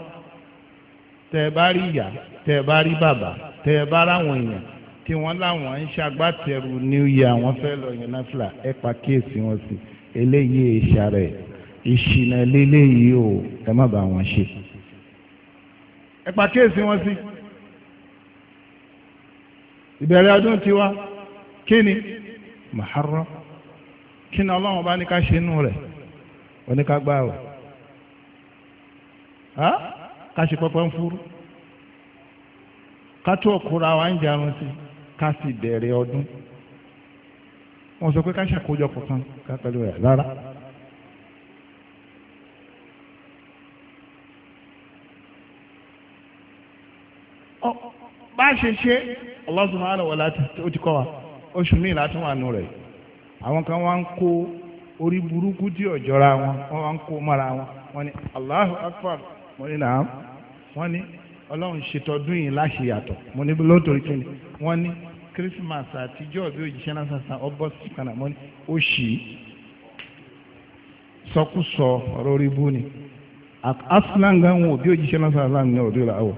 tẹ ẹ bá rí ìyá tẹ ẹ bá rí bàbá tẹ ẹ bá ráwọn èèyàn tí wọ́n láwọn ń ṣagbátẹrù new year wọ́n fẹ́ lọ yẹn náfìlà ẹ pa kíyèsí wọn sí eléyìí ìṣàrẹ̀ ìṣìnà lélẹ́yìí o ẹ má bàa wọn ṣe ẹ pa kíyèsí wọn sí ìbẹ̀rẹ̀ ọdún tiwa kí ni Muharram kí ni ọlọ́run bá ní ká ṣe inú rẹ̀ oníkágbáwẹ̀ ká ṣe pẹ́pẹ́ ń fúrú ká tó ọkùnrin àwọn àǹjarun sí ká sì bẹ̀rẹ̀ ọdún wọ́n sọ pé ká ṣàkójọpọ̀ kan ká pẹ̀lú rẹ̀ rárá. bá ṣe ṣe Allah subhanahu wa ta'ala ó ti kọ́ wa oṣù míì látún wà nù rẹ̀ àwọn kan wá ń kó orí burúkú tí ọ̀jọ́ra wọn wọ́n wá ń kó mọ́ra wọn wọ́n ní Allahu akbar mo ní nàá wọ́n ní ọlọ́run ṣètọ́dún yìí láṣẹ yàtọ̀ mo ní lóòótọ́ kí ni wọ́n ní Christmas àtijọ́ bí òjíṣẹ́ náà sàn August kan àmọ́ ní oṣì sọkúsọ ọ̀rọ̀ orí bú ni aslan gan wo bí òjíṣẹ́ náà sàn ní ọ̀dọ́ ìlà àwọ̀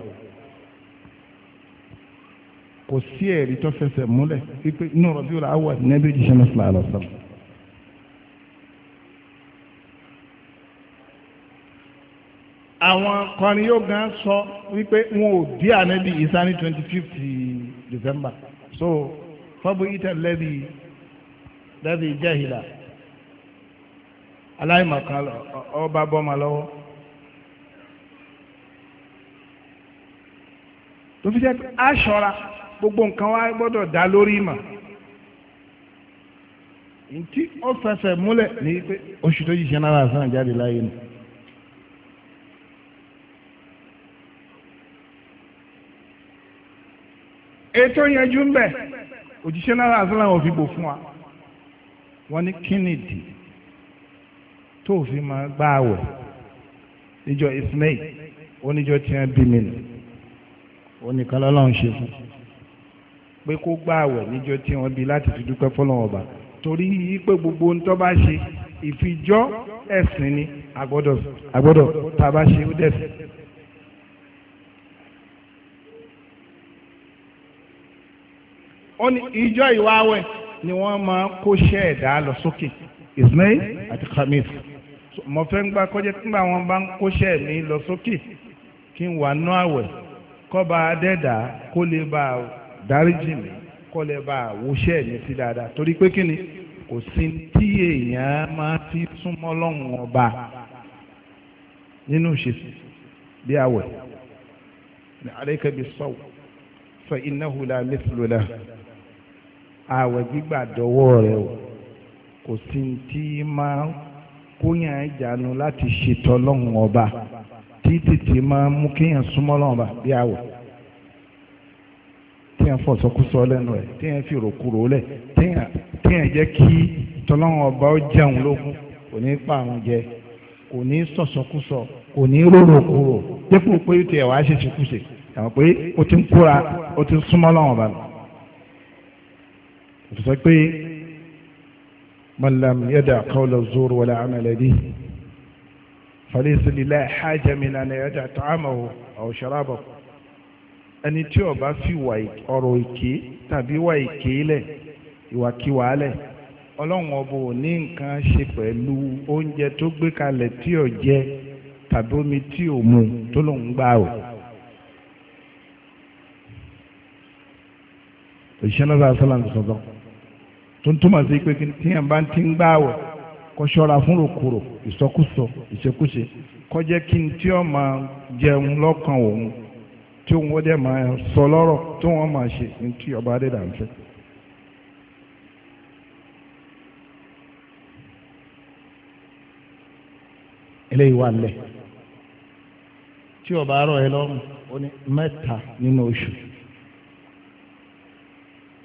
kò sí ẹ̀rí tó fẹsẹ̀ múlẹ̀ wípé inú Rabiul Awwal nẹ́bí jíṣẹ́ náà sọ̀rọ̀ àlọ́ sọ̀rọ̀. àwọn akọrin yóò gan sọ wípé wọn ò dí ànábì Ìsá ní twenty fifth December so fọ́bù ìtẹ̀ lẹ́bi lẹ́bi jẹ́hìlá aláìmọ̀kan ọba bọ́mọ lọ́wọ́. tó fi jẹ́ aṣọra gbogbo nǹkan wa gbọ́dọ̀ dá lórí ìmọ̀ ntí ó fẹsẹ̀ múlẹ̀ ní pé oṣù tó yíṣẹ́ náírà sàn jáde láyé nù. ètò yanjú ń bẹ̀ òjíṣẹ́ náírà sàn wọn fi bò fún wa wọ́n ní kínìdì tó fi máa gbá àwẹ̀ níjọ́ ismail oníjọ́ tí bí mi nù oníkan lọ́lọ́run ṣe fún pé kó gbà àwẹ̀ níjọ́ tí wọ́n bí láti fi dúpẹ́ fọlọ́wọ́n ọba torí pé gbogbo ohun tó bá ṣe ìfijọ́ ẹ̀sìn ni àgbọ́dọ̀ àgbọ́dọ̀ tá a bá ṣe ó dẹ̀sìn. ó ní ìjọ ìwà àwẹ̀ ni wọ́n máa kó ṣẹ́ ẹ̀dá lọ sókè ismail àti khamis mo fẹ́ ń gba kọjá tí àwọn bá ń kó ṣẹ́ mi lọ sókè kí n wà nú àwẹ̀ kọ́ba adẹ́dà kó lè bá a dáríjì mi kọ́lẹ̀ bá àwòṣẹ́ mi sí dáadáa torí pé kí ni kò sí tí èèyàn máa fi súnmọ́ lọ́hùn ọba nínú ìṣesí bí àwẹ̀ ní aláìkẹ́bi sọ́wọ́ fa innahu la mithlu lah àwẹ̀ gbígbà dọ́wọ́ rẹ̀ o kò sí tí máa kóyàn ìjánu láti ṣètọ́ lọ́hùn ọba títí tí máa mú kéèyàn súnmọ́ lọ́hùn ọba bí àwẹ̀ téèyàn fọ̀sọ́kúsọ lẹ́nu ẹ̀ téèyàn fi ròkúrò lẹ̀ téèyàn jẹ́ kí tọ́lọ́wọ́n ọba ó jẹun lógún kò ní pa jẹ kò ní sọ̀sọ́kúsọ kò ní rórokúrò dépò pé ó ti ẹ̀ wá ṣe ṣekúṣe àwọn pé ó ti ń kóra ó ti ń súnmọ́ lọ́wọ́n ọba lọ. òtún pé man lam yada qawla zur wala amala bihi falaysa lillahi haja min an yada ta'amahu ẹni tí ó bá fi ọ̀rọ̀ èké tàbí wà èké lẹ̀ ìwàkiwà lẹ̀ ọlọ́run ọba ò ní nǹkan ṣe pẹ̀lú oúnjẹ tó gbé kalẹ̀ tí ò jẹ tàbí omi tí ò mu tó lòún gbà o. òṣìṣẹ́ náà sáà sọ́lá sọ̀tọ̀ tó ń túmọ̀ sí pé tí yẹn bá ti ń gbà wọ̀ kó ṣọ́ra fún rokoro ìsọkúsọ ìṣekúṣe kó jẹ́ kí n tí ó máa jẹun lọ́kàn òun tí wọ́n dẹ̀ máa sọ lọ́rọ̀ tí wọ́n máa ṣe ní tí ọba adédà ń fẹ́. eléyìí wà lẹ̀ tí ọba arọ ẹ lọ́rùn ó ní mẹ́ta nínú oṣù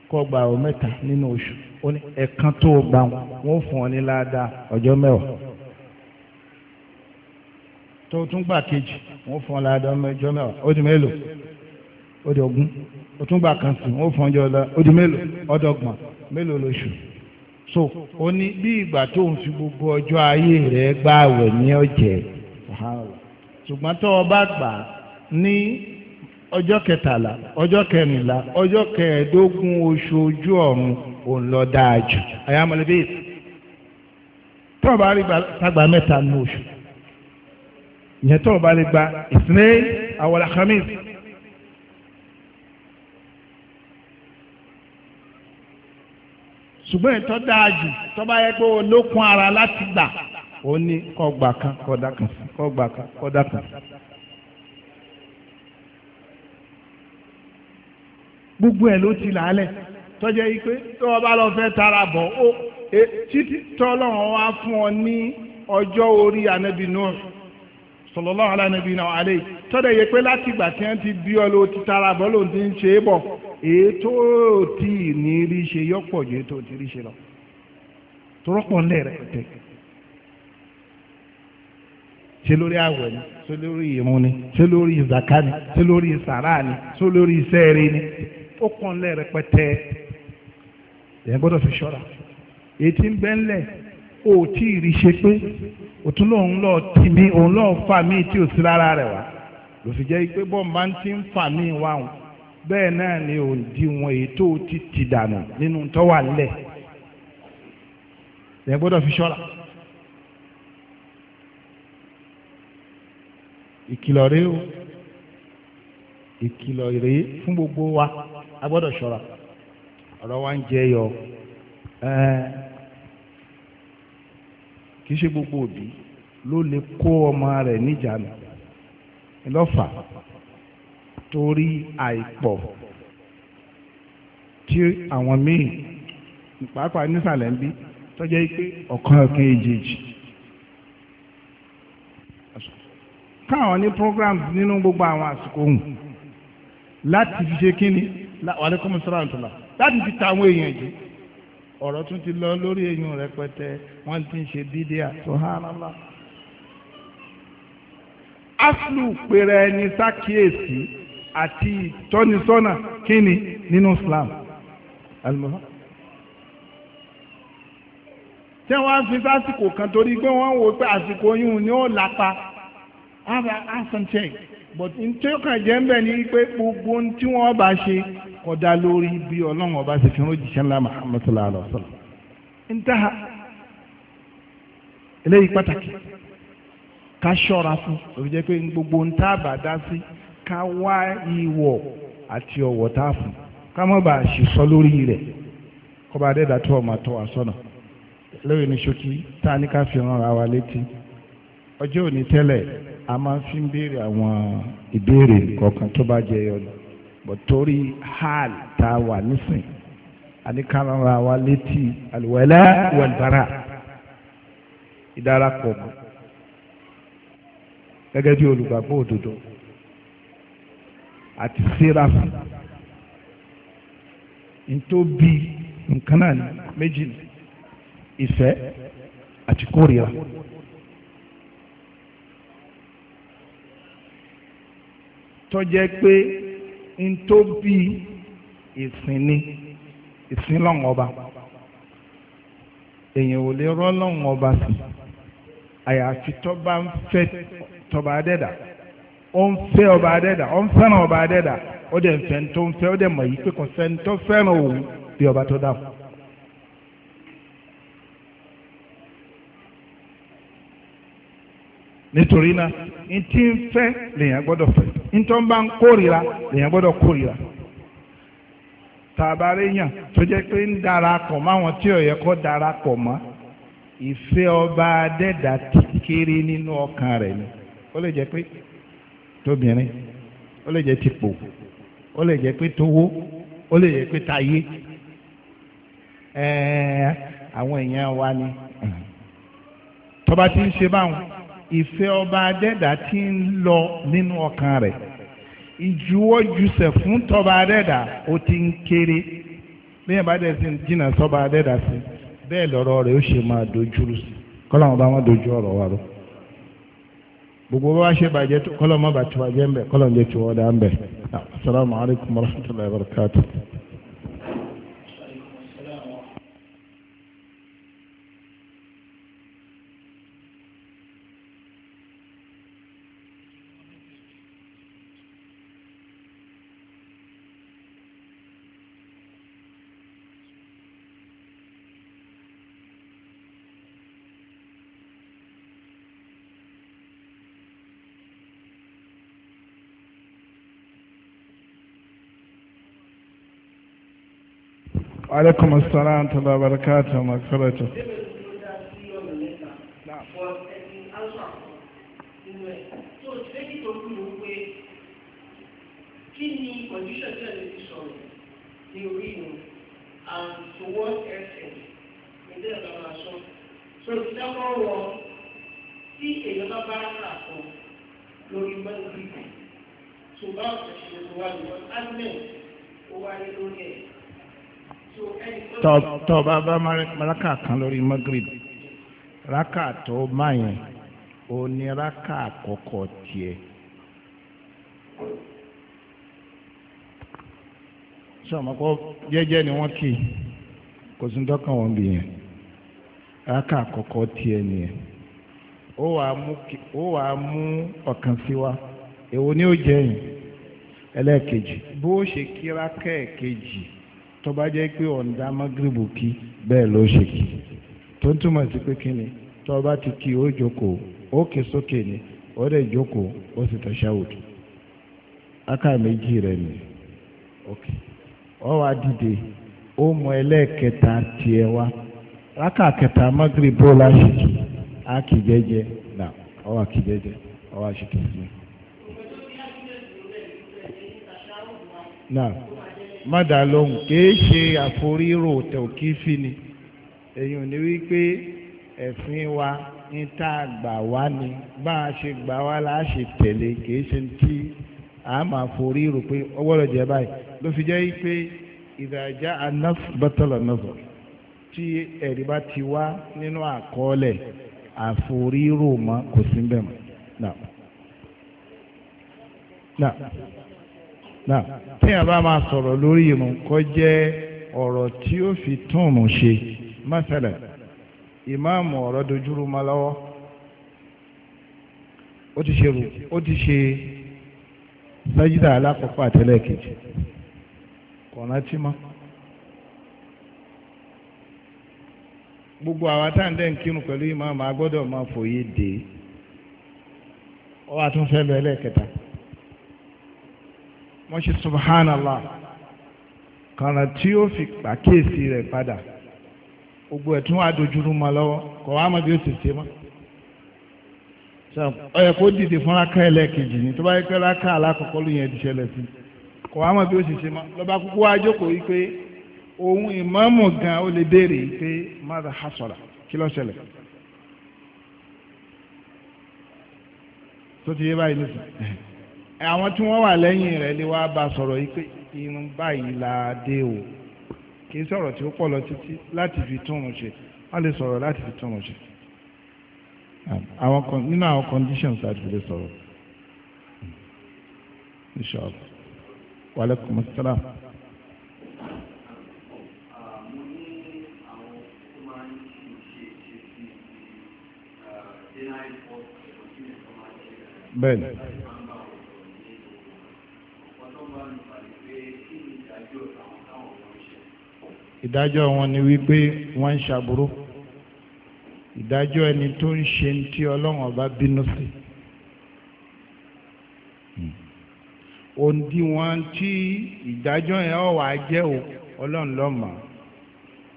kọ́ gba ọ mẹ́ta nínú oṣù ó ní ẹ̀ẹ̀kan tó gbà wọ́n fún ọ ní ládàá ọjọ́ mẹ́wàá. tó tún gbà kejì wọ́n fún ọ ládàá ọmọ ẹjọ́ mẹ́wàá ó di mélòó ó di ogún ó tún gbà kan sí wọ́n fún ọjọ́ ọ̀la ó di mélòó ọ̀dọ́gbọ̀n mélòó lóṣù so ó ní bí ìgbà tó ń fi gbogbo ọjọ́ ayé rẹ̀ gbààwẹ̀ ní ọ̀jẹ̀ ṣùgbọ́n tó o bá gbà ní ọjọ́ kẹtàlá ọjọ́ kẹrìnlá ọjọ́ kẹẹ̀ẹ́dógún oṣù ojú ọ̀run òun lọ dáa jù àyàmọ̀lẹ́bí tó o bá rí gbàgbà mẹ́ta ní oṣù ìyẹn tó o bá lè gba ìsinẹ́ àwọlà khamis. ṣùgbọ́n ìtọ́ dáa jù tó bá yẹ pé o lókun ara láti gbà ó ní kọ́ gbà kan kọ́ dà kan kọ́ gbà kan kọ́ dà kan. gbogbo ẹ̀ ló ti làálẹ̀ tọ́jẹ́ yìí pé tó o lọ fẹ́ tara bọ̀ ó e, títí tọ́lọ́run wá fún ọ ní ọjọ́ orí anabi Nuh sallallahu ala nabiyina wa alayhi tọ́dẹ̀ yẹ pé láti ìgbà tí wọ́n ti bí ọ ló ti tara bọ́ ló ti ń ṣe é bọ̀ ètò tí ní rí ṣe yọ́pọ̀ ju ètò tí rí ṣe lọ torọ́pọ̀ ńlẹ̀ rẹ̀ tẹ̀ ṣe lórí àwẹ̀ ni ṣe lórí ìrun ni ṣe lórí ìzàká ni ṣe lórí ìsàrà ni ṣe lórí iṣẹ́ ni ó pọ̀ ńlẹ̀ rẹpẹtẹ ẹ̀ gbọ́dọ̀ fi ṣọ́ra ètí ń bẹ́ńlẹ̀ o tí ì rí ṣe pé òtún lòun lọ tì mí òun lọ fà mí tí ò sí lára rẹ̀ wá ló fi jẹ́ pé bọ́ọ̀ máa ń ti ń fà mí wá wọn bẹ́ẹ̀ náà ni ò di wọn èyí tó ti ti dànù nínú tó wà nílẹ̀ lẹ́yìn gbọ́dọ̀ fi ṣọ́ra. ìkìlọ̀ rèé o ìkìlọ̀ rèé fún gbogbo wa a gbọ́dọ̀ ṣọ́ra ọ̀rọ̀ wa ń jẹyọ ẹ̀ẹ́ kì í ṣe gbogbo òbí ló lè kó ọmọ rẹ̀ níjànú lọ́fà torí àìpọ̀ tí àwọn míì pàápàá nísàlẹ̀ ń bí tọ́jẹ́ pé ọ̀kan ọ̀kan èjèèjì káwọn ní programs nínú gbogbo àwọn àsìkò ohun láti fi ṣe kíni wàlékọ́mọ̀sára àtúnlá láti fi ta àwọn èèyàn jù ọ̀rọ̀ tún ti lọ lórí èèyàn rẹpẹtẹ wọ́n ti ń ṣe bídé àtúhánálá. aslu pèrè ẹni sákìyèsí àti ìtọ́nisọ́nà kíni nínú Islam. tí wọ́n fi sásìkò kan torí pé wọ́n wò pé àsìkò yìí ni ó lápa jẹ́ ń bẹ̀ pé gbogbo tí wọ́n bá kódà lórí bí ọlọ́run ọba ṣe fi hàn òjìṣẹ́ ńlá Muhammad sallallahu alaihi wa sallam ntaha eléyìí pàtàkì ká ṣọ́ra fún òfin jẹ́ pé gbogbo ntá bá dá sí ká wá ìwọ̀ àti ọ̀wọ̀ tá a fún ká má bàa ṣì sọ lórí rẹ̀ kọba adẹ́dà tó ọmọ àtọwà sọ́nà lórí ní ṣókí tá a ní ká fi ràn ra wa létí ọjọ́ òní tẹ́lẹ̀ a máa fi ń béèrè àwọn ìbéèrè kọ̀ọ̀kan tó bá jẹyọ ni bọ̀tórí hàl tá a wà nísìn àníkàrànra wa létí àlùwẹ̀lẹ́ wẹ̀lbára ìdárapọ̀ mọ́ gẹ́gẹ́ bí olùgbàgbọ́ òdodo àti sírafù ntóbi nǹkan náà méjì ìfẹ́ àti kórìíra. tó pé ń tó bí ìsìn ni ìsìn lọ́wọ́n ọba èèyàn ò lè rọ́ lọ́wọ́n ọba sí àyàfi tọ́ba ń fẹ́ tọba adẹ́dà ó ń fẹ́ ọba adẹ́dà ó ń fẹ́ràn ọba adẹ́dà ó dẹ̀ ń fẹ́ tó ń fẹ́ ó dẹ̀ mọ̀ yìí pé kò sẹ́ni tó fẹ́ràn òun bí ọba tó dáhùn. nítorí náà ntí ń fẹ́ lèèyàn gbọ́dọ̀ fẹ́ ntọ́ bá ń kórìíra èèyàn gbọ́dọ̀ kórìíra tàbárẹ̀ yàn tó jẹ́ pé ń darapọ̀ máwọn tí ó yẹ darapọ̀ mọ́ ìfẹ́ ọba adẹ́dà kéré nínú ọkàn rẹ̀ ni ó lè jẹ́ pé tóbìnrin ó lè jẹ́ tipò ó lè jẹ́ pé tówó ó lè jẹ́ pé tayé ẹ̀ẹ́ àwọn èèyàn wa ni tọ́ba ti ń ṣe báwọn ìfẹ́ ọba adẹ́dà ti ń lọ nínú ọkàn rẹ̀ ìjuwọ́ jùsẹ̀ fún tọba adẹ́dà ó ti ń kéré bẹ́ẹ̀ bá dẹ̀ sí jìnnà sọba adẹ́dà sí bẹ́ẹ̀ lọ́rọ̀ rẹ̀ ó ṣe máa dojúrú sí kọ́lá wọn bá wọn dojú ọ̀rọ̀ wa rọ gbogbo bá ṣe bàjẹ́ kọ́lá wọn bá tiwa jẹ́ ń bẹ̀ kọ́lá wọn jẹ́ tiwọ́ ń bẹ̀ asalaamualeykum wa rahmatulahi wa barakatuh. عليكم السلام ورحمة الله وبركاته ọba bá bá maraka kan lórí magrib raka tó má yẹn ó ní raka àkọ́kọ́ tiẹ̀ sọmọkọ jẹ́jẹ́ ni wọn kì í kò sí dọ́kàn wọn bì yẹn raka àkọ́kọ́ tiẹ̀ nìyẹn ó wàá mú ọ̀kan sí wa èwo ni ó jẹ́ yìí ẹlẹ́ẹ̀kejì bó ṣe kíra kẹ́ẹ̀kejì. tó bá jẹ́ pé ọ̀ǹda magrebu kí bẹ́ẹ̀ ló ṣe kí tó ń túmọ̀ sí pé kí ni tó bá ti kí ó jókòó ó ké sókè ni ó dẹ̀ jókòó ó sì tashahud aka méjì rẹ̀ ni ó wá dìde ó mọ ẹlẹ́ẹ̀kẹta tiẹ̀ wá aka kẹta magrebu láṣẹ kí á kì jẹ́jẹ́ náà ó wá kì jẹ́jẹ́ ó wá ṣe kì í mọ́dà lóhùn kìí ṣe àforírò tòkífì ni èyí ò ní wípé ẹ̀sìn wa ní tá a gbà wá ni bá a ṣe gbà wá la ṣe tẹ̀lé kìí ṣe tí a máa forírò pé ọwọ́rọ̀ jẹ́ báyìí ló fi jẹ́ pé ìdájá anáf bọ́tọ̀lọ̀ nọ́fọ̀ tí ẹ̀rí bá ti wá nínú àkọọ́lẹ̀ àforírò mọ́ kò sí bẹ́ẹ̀ mọ́. tí téèyàn bá máa sọ̀rọ̀ lórí irun jẹ́ ọ̀rọ̀ tí ó fi túnmù ṣe mọ́sálẹ̀ ìmáàmù ọ̀rọ̀ dojúrú ma lọ́wọ́ ó ti ṣe sájídà alákọ̀ọ́kọ́ kọ̀ọ̀nà tí mọ́. gbogbo àwa ń kírun pẹ̀lú ìmáàmù máa fòye dé lọ wọ́n ṣe subhanallah kànà tí ó fi pàkíyèsí rẹ̀ padà gbogbo ẹ̀ tún wà dojúrú mọ́ lọ́wọ́ kọ̀ wá mọ́ bí ó tètè mọ́ ọ yẹ kó dìde fún raka ẹlẹ́ẹ̀kejì ni tó bá yẹ pé raka alákọ̀ọ́kọ́ ló yẹn ti ṣẹlẹ̀ sí kọ̀ wá mọ́ bí ó sì ṣe mọ́ lọ́ba kúkú wá jókòó yìí pé òun ìmáàmù gan ó lè béèrè yìí pé mada hasọ̀la kí ló ṣẹlẹ̀ tó ti yé báyìí nísìnyí àwọn tí wọ́n wà lẹ́yìn rẹ̀ lè wá bá sọ̀rọ̀ yìí pé inú báyìí la dé o kì í sọ̀rọ̀ tí ó pọ̀ lọ títí láti fi tún un ṣe wọ́n lè sọ̀rọ̀ láti fi tún un ṣe àwọn nínú àwọn conditions láti fi lè sọ̀rọ̀ inshallah wàlẹ́kùn mọ́sálàmù. Bene. ìdájọ́ wọn ni wípé wọ́n ń ṣàbúrú ìdájọ́ ẹni tó ń ṣe tí ọlọ́run ọba bínú sí ohun tí wọ́n tí ìdájọ́ yẹn ọ̀ wá jẹ́ o ọlọ́run lọ́mọ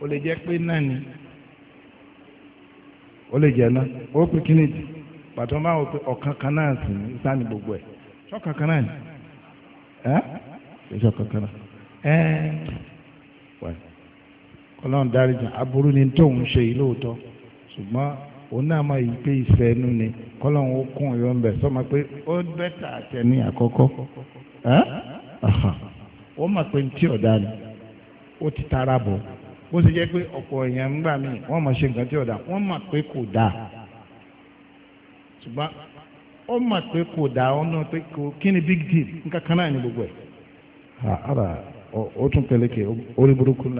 ó lè jẹ́ pé náà ni ó lè jẹ́ náà ó pè kí nìdí pàtó máa wò pé ọ̀kan kan náà sì ní sáni gbogbo ẹ̀ ṣọ́kan kan náà ni ẹ́ ṣọ́kan kan náà ẹ́ wáyé. ọlọ́run dáríjì aburú ni tóun ṣe yìí lóòótọ́ ṣùgbọ́n òun náà máa yí pé ìfẹ́ ẹnu ni kọ́lọ́run ó kún ọ̀yọ́ ń bẹ̀ sọ́mọ pé ó bẹ́tà àtẹni àkọ́kọ́ ó mà pé ní tí ọ̀dà ni ó ti tara bọ̀ bó ṣe jẹ́ pé ọ̀pọ̀ èèyàn ń gbà mí wọ́n máa ṣe nǹkan tí ọ̀dà wọ́n mà pé kò dáa ṣùgbọ́n ó pé kò dáa ó pé kí big deal nǹkan kan gbogbo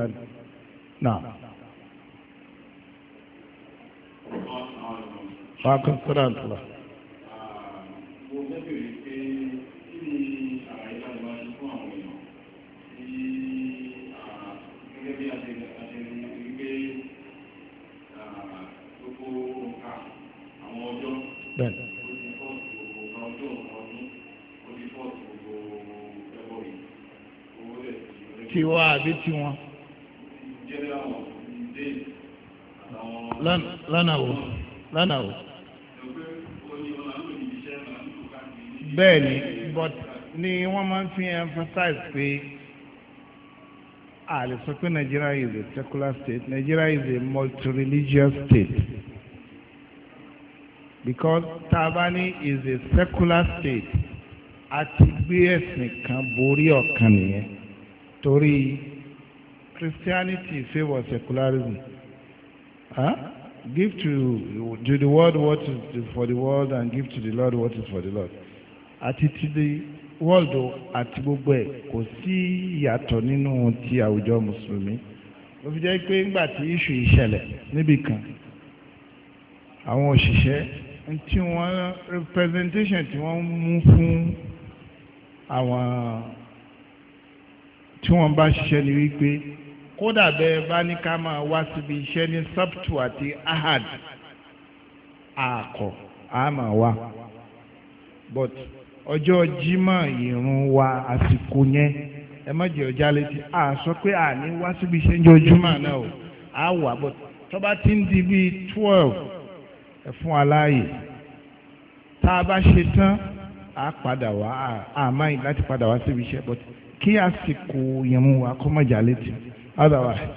ẹ̀ náà. Fáàkùn sọ́dọ̀ àtúrà. Mo fẹ́ bèrè pé kí ni àlàyé láti máa ṣe fún àwọn èèyàn tí ah, gẹ́gẹ́ bí àtẹ̀lẹ́ wípé ah, gbogbo òǹkà àwọn ọjọ́. Tiwa àbí tiwọn. lánàá o bẹ́ẹ̀ni but ni wọ́n máa ń fi emphasize pé a lè sọ pé Nigeria is a secular state Nigeria is a multi-religious state because tabani is a secular state a ti gbé ẹ̀sìn kan borí ọ̀kan nìyẹn torí Christianity favour secularism. Huh? Give to, to the world what is for the world and give to the Lord what is for the Lord. Àti ti the world àti gbogbo ẹ̀ kò sí ìyàtọ̀ nínú ti àwùjọ Mùsùlùmí. Ó fi jẹ́ pé ńgbà tí iṣu ìṣẹ̀lẹ̀ níbì kan, àwọn òṣìṣẹ́ tí wọ́n representation tí wọ́n mú fún àwọn tí wọ́n bá ṣiṣẹ́ ni wípé kódà bẹ́ẹ̀ bá ní ká máa wá síbi iṣẹ́ ní sábtù àti ahad àkọ́ a máa wá but ọjọ́ jimá ìrun wa àsìkò yẹn ẹ má jẹ́ ọjà létí a sọ pé a ní wá síbi iṣẹ́ ní ojúmọ́ náà o a wà but tó ti ń di bíi twelve ẹ fún wa tá a bá ṣe tán a padà wá a máa ń láti padà wá síbi iṣẹ́ but kí àsìkò ìrun wa kó má létí otherwise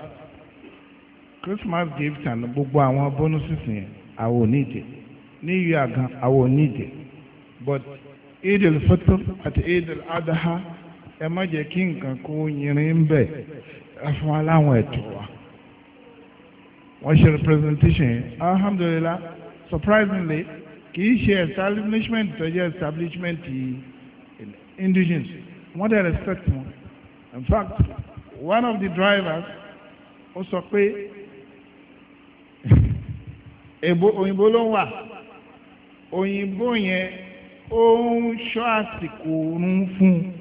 Christmas gift and gbogbo àwọn bonuses yẹn àwọn onídìí new year gan àwọn onídìí but Eid al-Fitr àti Eid al-Adha ẹ má jẹ́ kí nǹkan kó yìnrìn bẹ̀ ẹ fún wa láwọn ẹ̀tọ́ wa wọ́n ṣe representation yẹn alhamdulillah surprisingly kì í ṣe establishment tó jẹ́ establishment indigenous What dẹ̀ respect wọn in fact one of the drivers ó sọ pé òyìnbó ló wà òyìnbó yẹn ó ń ṣọ́ àsìkò oorun fún un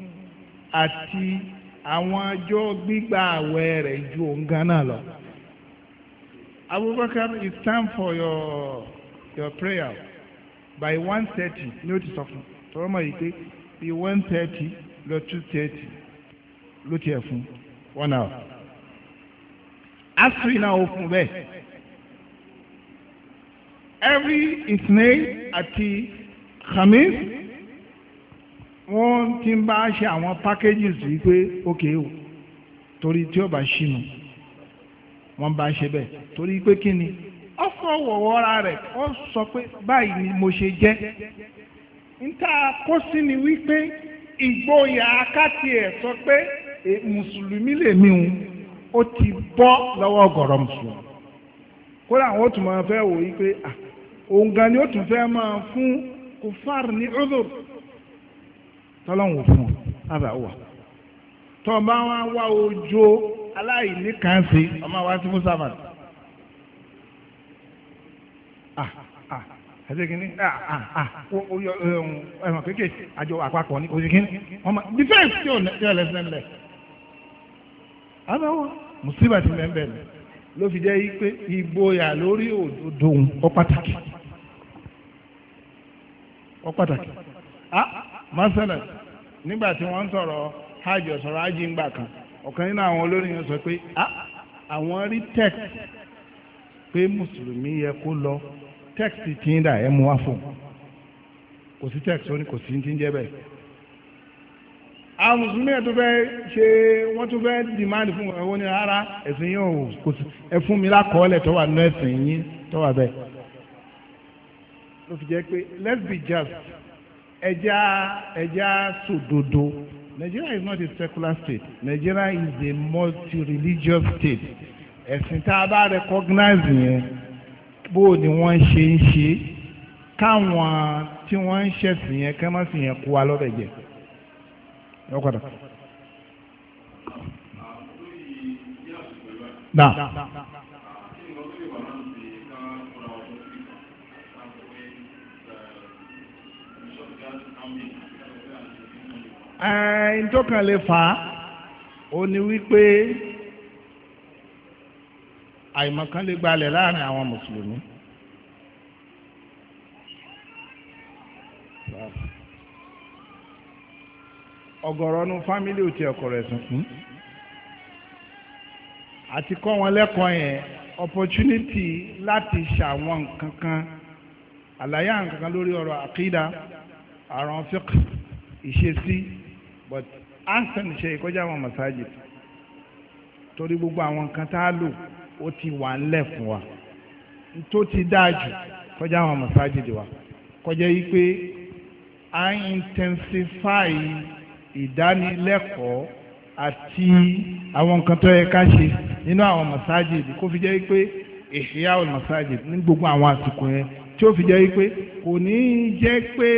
àti àwọn ọjọ́ gbígba àwẹ̀ rẹ̀ ju òun gan lọ. Abubakar it's time for your your prayer by one thirty ní o ti sọ fún tọrọ mọ̀ yìí pé bí one thirty lọ two thirty ló tiẹ̀ fún un one hour asiri náà ó fún bẹ́ẹ̀ every isnay àti khamis wọ́n ti bá ṣe àwọn packages yìí pé ok o torí tí ó bá ṣìnà wọ́n bá ṣe bẹ́ẹ̀ torí pé kí ni ó sọ wọ̀wọ́ra rẹ̀ ó sọ pé báyìí ni mo ṣe jẹ́ níta kó sí ni wípé ìgboyà akáti ẹ̀ sọ pé mùsùlùmí lè níhun ó ti bọ́ lọ́wọ́ ọ̀gọ̀rọ̀ mùsùlùmí kódà àwọn ó tún máa fẹ́ wò yí pé òun gan ni ó tún fẹ́ máa fún kùfàr ní ọdún tọ́lọ́hùn fún àbá wà tọ́ bá wá wá ojó aláìní kan sí ọmọ wa sí musamman àtẹ́kìní ẹ̀mọ̀ kéèké àjọ àpapọ̀ ní òsìkíní ọmọ defense tí ó lẹ́sẹ̀ lẹ́sẹ̀ àbáwọ̀ mùsíbà ti mẹ́ńbẹ̀ ni ló fi jẹ́ pé lórí òdodo ọ pàtàkì ọ pàtàkì ah nígbà tí wọ́n ń sọ̀rọ̀ hajj ọ̀sọ̀rọ̀ hajj ń gbà kan ọ̀kan nínú àwọn sọ pé ah àwọn rí text pé mùsùlùmí yẹ kó lọ text ti ń dà mú wá fún kò sí àwọn mùsùlùmí ẹ̀ tó fẹ́ ṣe wọ́n tó fẹ́ dìmáàdì fún ẹ̀wọ́n ní rárá ẹ̀sìn yín ò kò sí ẹ fún mi lákọọ́lẹ̀ tó wà nínú ẹ̀sìn yín tó wà bẹ́ẹ̀. ló fi jẹ́ pé let's be just ẹja ẹja sòdodo Nigeria is not a secular state Nigeria is a multi-religious state ẹ̀sìn tá a bá recognize yẹn bó ni wọ́n ṣe ń ṣe káwọn tí wọ́n ń ṣẹ̀sìn yẹn kẹ́mọ́sìn yẹn kó wa lọ́bẹ̀ jẹ́ yọ padà. Na. Ẹ̀ẹ́n eh, tó kàn lè fà á, ó ní wípé àìmọ̀kan lè gbalẹ̀ láàrin àwọn mùsùlùmí. ọ̀gọ̀rọ̀ nu ò ti ọkọ rẹ̀ ati fún àti kọ́ wọn lati yẹn opportunity láti ṣàwọn nǹkan kan àlàyé àwọn kankan lórí ọ̀rọ̀ àkídà àrùn ìṣesí but ansan ṣe ìkọjá àwọn masajid torí gbogbo àwọn nǹkan tá a lò ó ti wà ńlẹ̀ fún wa tó ti dáa jù kọjá àwọn masajid wa kọjá yìí pé i intensify. ìdánilẹ́kọ̀ọ́ àti àwọn nǹkan tó yẹ ká ṣe nínú àwọn masajid kó fi jẹ́ pé ìṣìyà àwọn masajid ní gbogbo àwọn àsìkò yẹn tí ó fi jẹ́ pé kò ní jẹ́ pé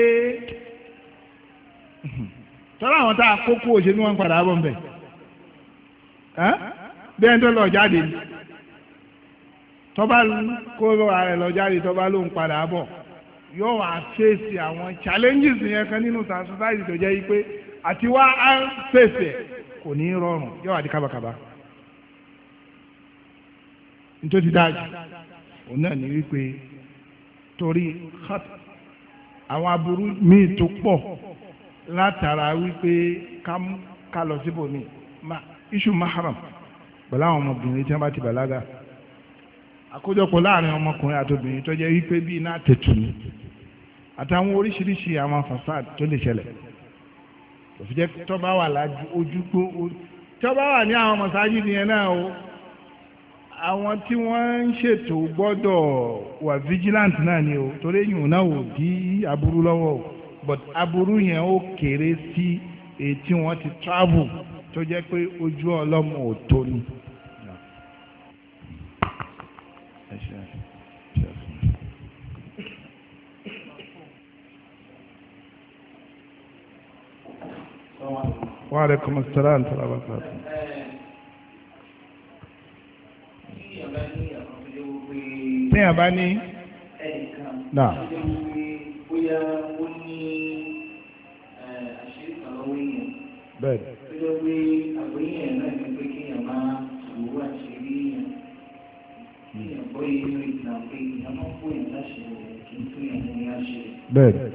tọ́lá àwọn tá a kókó òṣèlú wọn padà bọ̀ mbẹ̀ bẹ́ẹ̀ tó lọ jáde tọ́ba kó ààrẹ lọ jáde tọ́ba ló ń padà bọ̀ yóò wá fèsì àwọn challenges yẹn kan nínú society tó jẹ́ pé àti wá á ń pèsè kò ní rọrùn yóò wá di kábàkàbà nítorí dájú òun náà ní wípé torí àwọn aburú míì tó pọ̀ látara wípé ká lọ síbò míì iṣu maharam pẹ̀lú àwọn ọmọbìnrin tí wọ́n bá ti bàlágà àkójọpọ̀ láàrin ọmọkùnrin àtobìnrin tó jẹ́ wípé bíi náà tètù ni àtàwọn oríṣiríṣi àwọn fasad tó lè ṣẹlẹ̀ òfin jẹ́ tọ́ba wà lájú ojúgbó tọ́ba wà ní àwọn mọ̀sáájú nìyẹn náà o àwọn tí wọ́n ń ṣètò gbọ́dọ̀ wà vigilant náà ni o torí yìnyín náà ò dí aburú lọ́wọ́ o but aburú yẹn ó kéré sí èyí tí wọ́n ti travel tó jẹ́ pé ojú ọlọ́mọ ò tó ni. السلام Wa alaikum salaam tó lábà sọ. Tí a bá ní. Nà. Bẹ́ẹ̀ni. Bẹ́ẹ̀ni.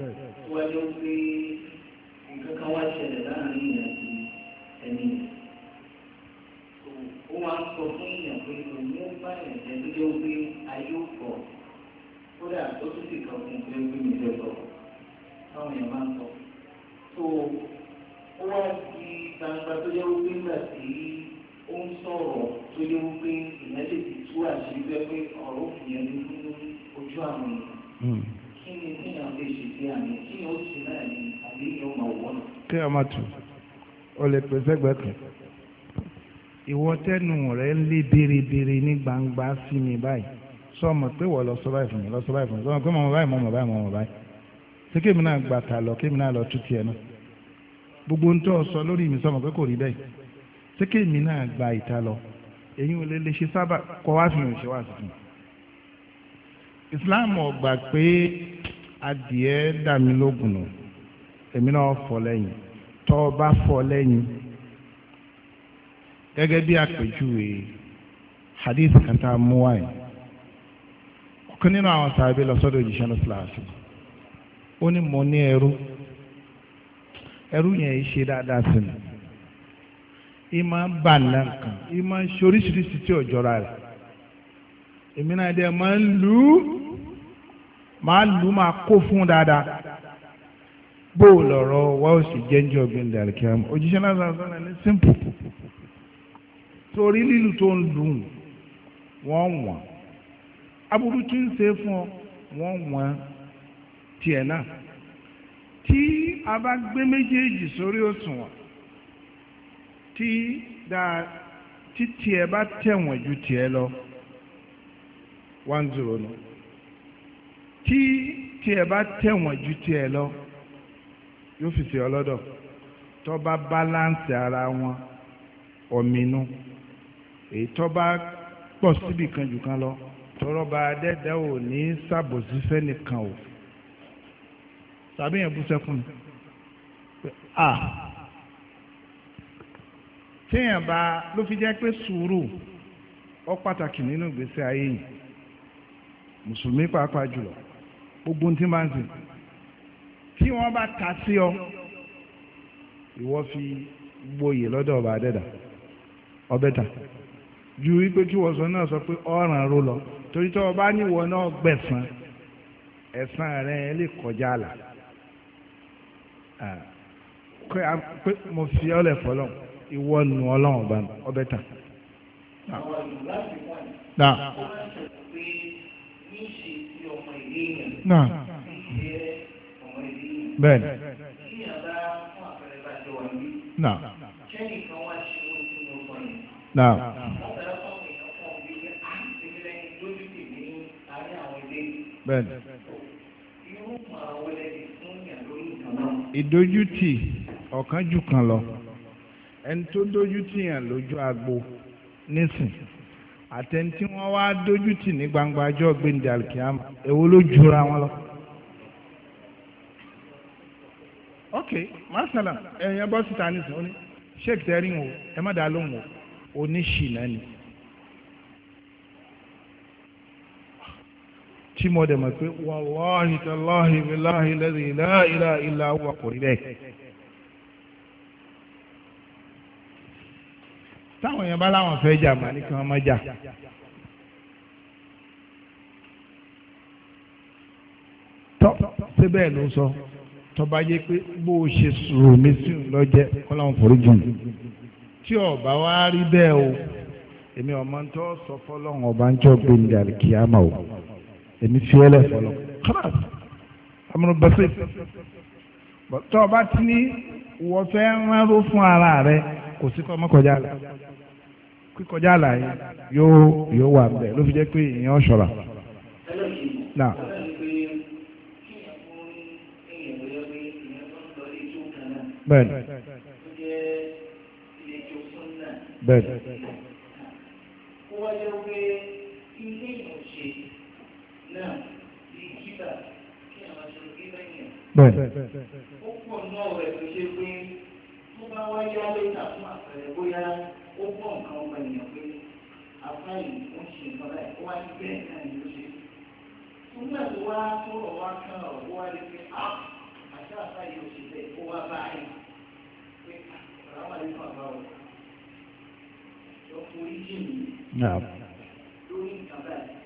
tẹnu rẹ lé bérebére ní gbangba sí mi báyìí sọmọ pé wọ́n lọ sọ báyìí fún mi lọ sọ báyìí fún mi sọmọ pé mọ̀mọ́ báyìí mọ̀mọ́ báyìí mọ̀mọ́ báyìí ṣé kémi náà gbà tà lọ kémi náà lọ tú tiẹ̀ náà gbogbo ń tọ́ sọ lórí mi sọmọ pé kò rí bẹ́ẹ̀ ṣé kémi náà gba ìta lọ èyí ò lè lè ṣe sábà kọ́ wá fi hàn ṣe wá fún mi. Islam ọgbà pé adìẹ dàmí lógun nù èmi náà fọ lẹ́yìn tọ́ bá fọ lẹ́yìn gẹ́gẹ́ bí àpèjúwe hadith kan tá a mú wáyé ọ̀kan nínú àwọn sàbẹ̀ lọ́sọ́dọ̀ òjíṣẹ́ ní síláàsì ó ní mo ní ẹrú ẹrú yẹn ṣe dáadáa sí mi ìmọ̀ ń bà ńlá nǹkan ìmọ̀ ń ṣe oríṣiríṣi tí òjọra rẹ̀ èmi náà dẹ̀ máa ń lù ú máa lù ú máa kó fún dáadáa bó o lọ̀rọ̀ wá ó jẹ́ ń jọ gbẹ̀ndẹ̀ àríkẹ́ àmọ́ òjíṣẹ́ náà sọ̀rọ̀ ní simple torí lílù tó ń lù wọ́n wọ̀n aburú tí ń ṣe fún ọ wọ́n wọ̀n tiẹ̀ náà tí a bá gbé méjèèjì sórí òṣùwọ̀n tí dáa tí tiẹ̀ bá tẹ̀wọ̀n ju tiẹ̀ lọ one zero nù tí tiẹ̀ bá tẹ̀wọ̀n ju tiẹ̀ lọ yóò fi ṣe ọlọ́dọ̀ tó bá balance ara wọn ọ̀mìnú èyí tó bá pọ̀ síbi kan jù kan lọ tọrọ bá dẹ́dẹ́ ò ní sàbòsí fẹ́nìkan o tàbí yẹn bú sẹ́kùn a téèyàn bá ló fi jẹ́ pé sùúrù ó pàtàkì nínú ìgbésí ayé yìí mùsùlùmí pàápàá jùlọ gbogbo tí máa ń sè tí wọ́n bá ta sí ọ ìwọ fi gboyè lọ́dọ̀ ọba adẹ́dà ọbẹ̀ ta ju wípé kí wọ́n sọ náà sọ pé ọ̀ràn ro lọ torí tí wọ́n bá níwọ̀ náà gbẹ̀sán ẹ̀sán rẹ̀ lè kọjá àlà pé mo fi ọlẹ̀ fọlọ́ ìwọ nu ọlọ́run ọba ọbẹ̀ tán. náà bẹ́ẹ̀ ni. bẹ́ẹ̀ni. ìdójútì ọ̀kan jù kan lọ ẹni tó dójútì yàn lójú agbo nísìn àtẹni tí wọ́n wá dójútì ní gbangba ọjọ́ gbẹ̀ndẹ̀ alikiyama èwo ló jura wọn lọ. ok masala ẹ̀yin ẹ bọ́ síta nísìnyí ó ní sheik tẹ́rìn o ẹ má dàá lóhùn o oníṣìí náà ni. Okay. tí mo dẹ̀ mọ̀ pé wàláhì tàláhì bíláhì lẹ́dí ìlàhìlà ìlà wà kò rí bẹ́ẹ̀. táwọn èèyàn bá láwọn fẹ́ jà mà ní kí wọ́n má jà. tọ́ síbẹ̀ ló sọ tọba yé pé bó o ṣe sùúrù mi sí òun lọ́jẹ́ kọ́láwọn foríjì mi. tí ọba wa rí bẹ́ẹ̀ o èmi ọmọ tó sọ fọlọ́run ọba ń jọ gbé ní àríkíyàmà o èmi fi wọlé fọlọ kọlá amúnú bẹsẹ tọ́ ọba tí ní wọ́n fẹ́ ránró fún ara rẹ kò sí kọ́ ọmọkọjá la kíkọjá la yìí yóò yóò wà bẹ́ẹ̀ ló fi jẹ́ pé èèyàn ṣọ̀ra. Now. bẹ́ẹ̀ni bẹ́ẹ̀ni bẹ́ẹ̀. ó pọ̀ náà rẹ̀ tó ṣe pé tó bá wá yá lẹ́tà fún àpẹẹrẹ bóyá ó pọ̀ nǹkan ọmọ ènìyàn pé afáyì ó ṣe nǹkan láì ó wá ní bẹ́ẹ̀ náà ni ó ṣe. nígbà tó wá tó rọ̀ wá kán ọ̀rọ̀ wá lè fi á àti àfáyì ó ṣe bẹ́ẹ̀ ó wá bá ẹ̀ pé àwọn àlejò àbá ò lọ forí jì lórí nǹkan báyìí.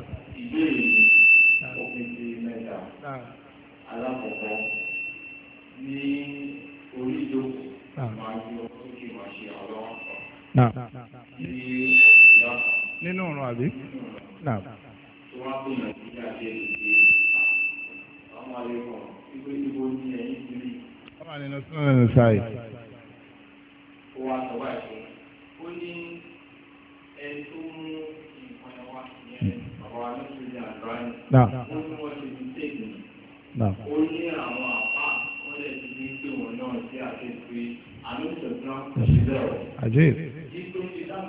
nínú ọ̀run àbí. Ọmọ àlejò sọ́nà lẹ́nu sáyé.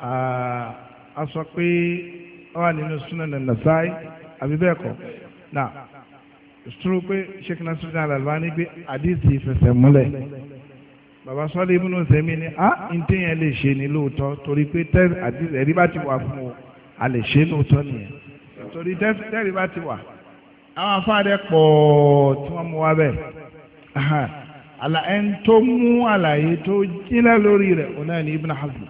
a sọ pé ó wà nínú Sunan Nasai àbí bẹ́ẹ̀ na sọ pé Sheikh Nasiruddin Al-Albani gbé àdìsí fẹsẹ̀ múlẹ̀ bàbá sọ́lé ibùnú sẹ́mi ni a ń téèyàn lè ṣe ní lóòótọ́ torí pé ẹ̀rí bá ti wà fún o a lè ṣe lóòótọ́ nìyẹn torí tẹ́rí bá ti wà àwọn afáàdẹ pọ̀ tí wọ́n mú wa bẹ́ẹ̀ àlà ẹni tó mú àlàyé tó jìnlẹ̀ lórí rẹ̀ ọ̀nà ní Ibn Hazm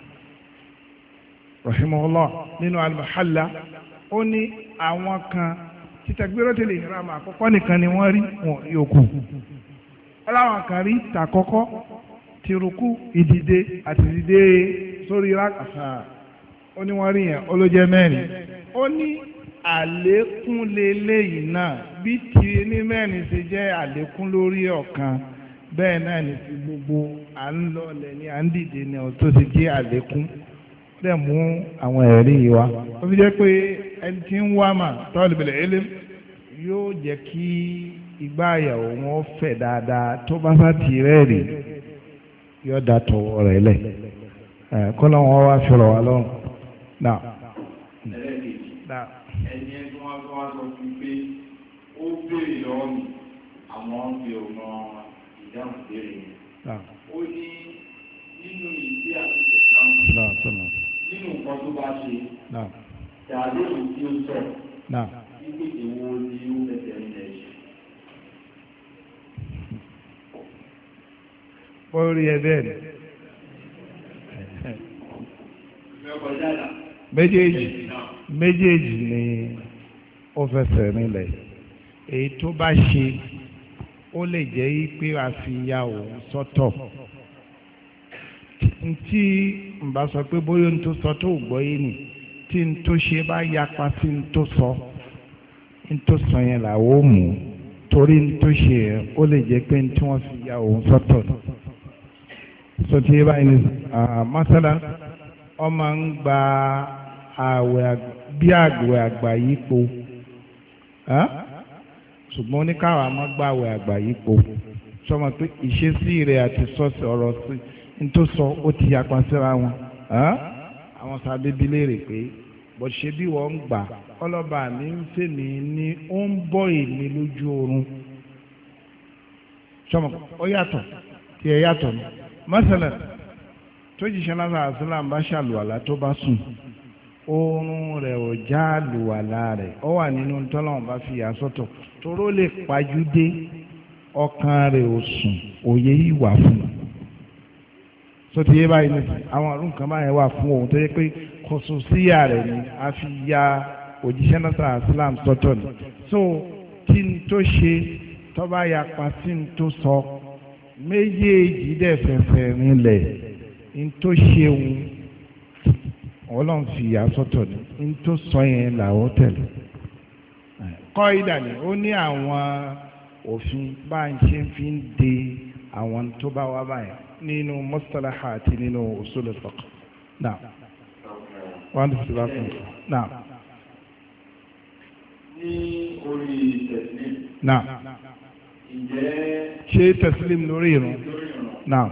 rahimahullah nínú al-muhalla ó ní àwọn kan tí takbiratul ihram àkọ́kọ́ nìkan ni wọ́n rí wọn yòókù ọláwọn kan rí tàkọ́kọ́ tìrùkù ìdìde àti ìdìde sórí rákàtà ó ní wọ́n rí yẹn ó ló jẹ́ mẹ́rin ó ní àlékún lélẹ́yìn náà bí ti ní mẹ́rin ṣe jẹ́ àlékún lórí ọ̀kan bẹ́ẹ̀ náà ní ti gbogbo à ń lọlẹ̀ ní à ń dìde ní ọ̀tún ti jẹ́ àlékún dẹ̀ mú àwọn ẹ̀rí yìí wá. ó fi jẹ́ pé ẹni tí ń wá mà tọ́lùbìlẹ̀ ẹlẹ́m yóò jẹ́ kí ìgbà àyàwó wọn fẹ̀ dáadáa tó bá bá ti rẹ́ẹ̀rì yóò da tọwọ́ rẹ̀ lẹ̀ kọ́ lọ́wọ́ wá fẹ́rọ̀ wá lọ́rùn. ẹni ẹni tó wá tó wá sọ fún pé ó béèrè lọ́wọ́ mi àwọn ń fi ọmọ ìdáhùn béèrè yẹn. ó ní nínú ìdí àti ìṣẹ̀kan nǹkan tó bá ṣe tàbí èyí tí ó sọ nígbè èwo ni ó fẹsẹ̀ nílẹ̀ ṣe. wọ́n rí ẹ bẹ́ẹ̀ ni. méjèèjì méjèèjì ni ó fẹsẹ̀ nílẹ̀ èyí tó bá ṣe ó lè jẹ́ pé a fi ya òun sọ́tọ̀ ntí nbà sọ pé bóyá ntó sọ tó gbọ́ yé ni tí ntó ṣe bá yapa sí ntó sọ ntó sọ yẹn làwọn ò mú torí ntó ṣe yẹn ó lè jẹ́ pé ntí wọ́n fi ya òun sọ́tọ̀ sọtí yé báyìí ni masala ọmọ ń gba àwẹ̀ bí àgbẹ̀ àgbà yìí po ṣùgbọ́n oníkàwé àmọ́ gbàwẹ̀ àgbà yìí po sọmọ pé ìṣesí rẹ̀ àti sọ́ọ̀sì ọ̀rọ̀ sí tó sọ ó ti yapa síra wọn àwọn sábẹ́bí léèrè pé bọ̀ṣẹ́ bí wọ́n ń gbà ọlọ́ba mi ń fèmí ni ó ń bọ́ èmi lójú oorun sọmọ ó yàtọ̀ tí ẹ yàtọ̀ ni mọ́sálẹ̀ tó jíṣẹ́ lásán àṣìlá bá ṣàlùwàlá tó bá sùn oorun rẹ̀ ò já àlùwàlá rẹ̀ ó wà nínú tọ́lọ́wọ́n bá fi yà sọ́tọ̀ toró lè pàjúdé ọkàn rẹ̀ ò sùn òye ìwà fún un so ti yé báyìí ní àwọn àrùn kan báyẹn wà fún òun tó yẹ pé kòsòsíyà rẹ̀ ni a fi ya òjíṣẹ́ náà islam sọ́tọ̀ ni so kí n tó ṣe tó bá yapa sí n tó sọ méjèèjì dẹ̀ fẹ̀fẹ̀ rinlẹ̀ n tó ṣe òun ọlọ́run fi yà sọ́tọ̀ ni n tó sọ yẹn làwọn tẹ̀lé kọ́ ìdàlẹ̀ ó ní àwọn òfin bá ń ṣe fi ń de àwọn tó bá wá báyìí. نينو مصطلحات نينو اصول الفقه نعم وعند في نعم ني نعم شيء تسليم نورين نعم. نعم. نعم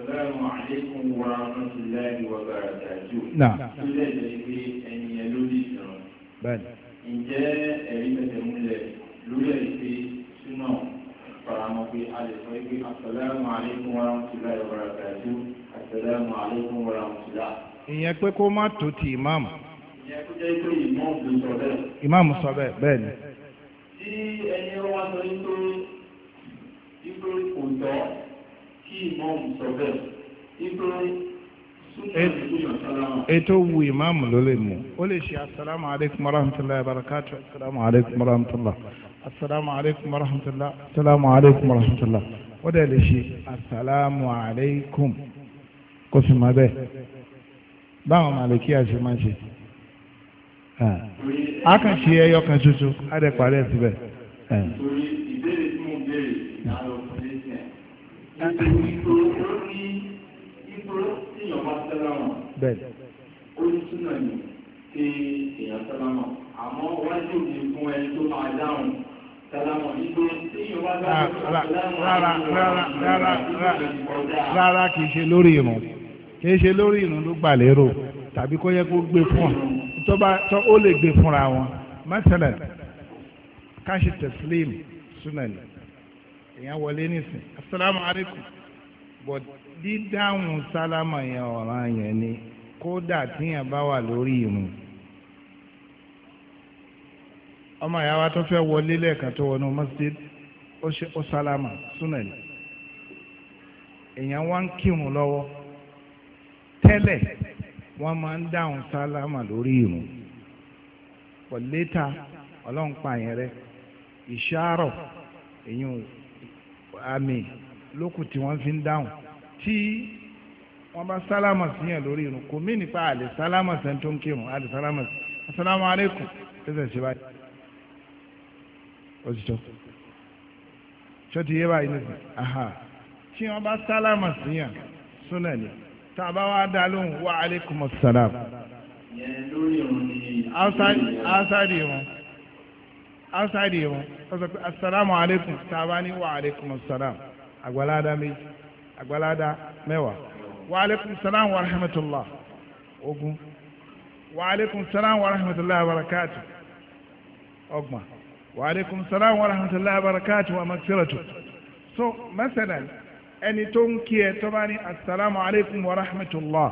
السلام عليكم ورحمه الله وبركاته نعم كل faramọ́ pé a lè sọ pé asalaamu aleykum wa rahmatulah wa barakatuh asalaamu aleykum wa rahmatulah. ìyẹn pé kó má tó ti ìmáàmù. ìyẹn kó jẹ́ pé ìmáàmù sọ bẹ́ẹ̀. ìmáàmù sọ bẹ́ẹ̀ bẹ́ẹ̀ ni. tí ẹni wá sọ wípé wípé kò tọ́ kí ìmáàmù sọ bẹ́ẹ̀ wípé ètò wu ìmáàmù ló lè mú ó lè ṣe asalaamu aleykum wa rahmatulah wa barakatuh asalaamu aleykum wa rahmatulah asalaamu aleykum wa rahmatulah asalaamu aleykum wa rahmatulah ó dẹ̀ lè ṣe asalaamu aleykum kó sì máa bẹ́ẹ̀ báwọn màlìkí àṣẹ máa ṣe a kàn ṣe ẹyọ kan ṣoṣo á dẹ̀ parí ẹ̀ síbẹ̀. torí ìbéèrè tí mo béèrè lálọ́ ọ̀pọ̀lẹ́sẹ̀ nítorí ìgboro ó ní ìgboro tí èèyàn bá sálámà ó ní túnà ní kí èèyàn sálámà àmọ́ wájú mi fún ẹni tó máa dáhùn rárá kìí ṣe lórí irun kìí ṣe lórí irun ló gbà lérò tàbí kó yẹ kó gbé fún ọ tó bá tó ó lè gbé fúnra wọn mẹsẹlẹ káṣí tẹsílẹm súnàlì èèyàn wọlé nísìn asalaamu alaykum bọ dídáhùn sálámà yẹn ọ̀ràn yẹn ni kódà tíyẹn bá wà lórí irun ọmọ ìyá wa tó fẹ́ wọlé lẹ́ẹ̀kan tó wọnú masjid ó ṣe ó sálámà súnà ní èèyàn wá ń kírun lọ́wọ́ tẹ́lẹ̀ wọ́n máa ń dáhùn sálámà lórí ìrun pọ̀ létà ọlọ́run pa àyẹn rẹ ìṣàrọ̀ èèyàn àmì lókùn tí wọ́n fi ń dáhùn tí wọ́n bá sálámà sí yẹn lórí ìrun kò mí nípa àlè sálámà sẹ́ńtó ń kírun àlè sálámà sí asalaamualeykum ṣe ṣe ṣe báyìí òtítọ́ ṣọ́tí yé báyìí nìkan aha tí wọ́n bá sálámà síyàn súnà ni tá a bá wá dá lóhùn wa aleykum salaam. outside irun outside irun ó sọ pé asalaamu aleykum tá a bá ní wa aleykum salaam àgbàládá méjì àgbàládá mẹ́wàá wa aleykum salam wa rahmatulah Ogun. wa aleykum salam wa rahmatulah wa barakatu ọgbọ̀n. وعليكم السلام ورحمة الله وبركاته wa barakatu so masalan ẹni tó ń kí ẹ tó bá ní asalaamu aleykum wa rahmatulah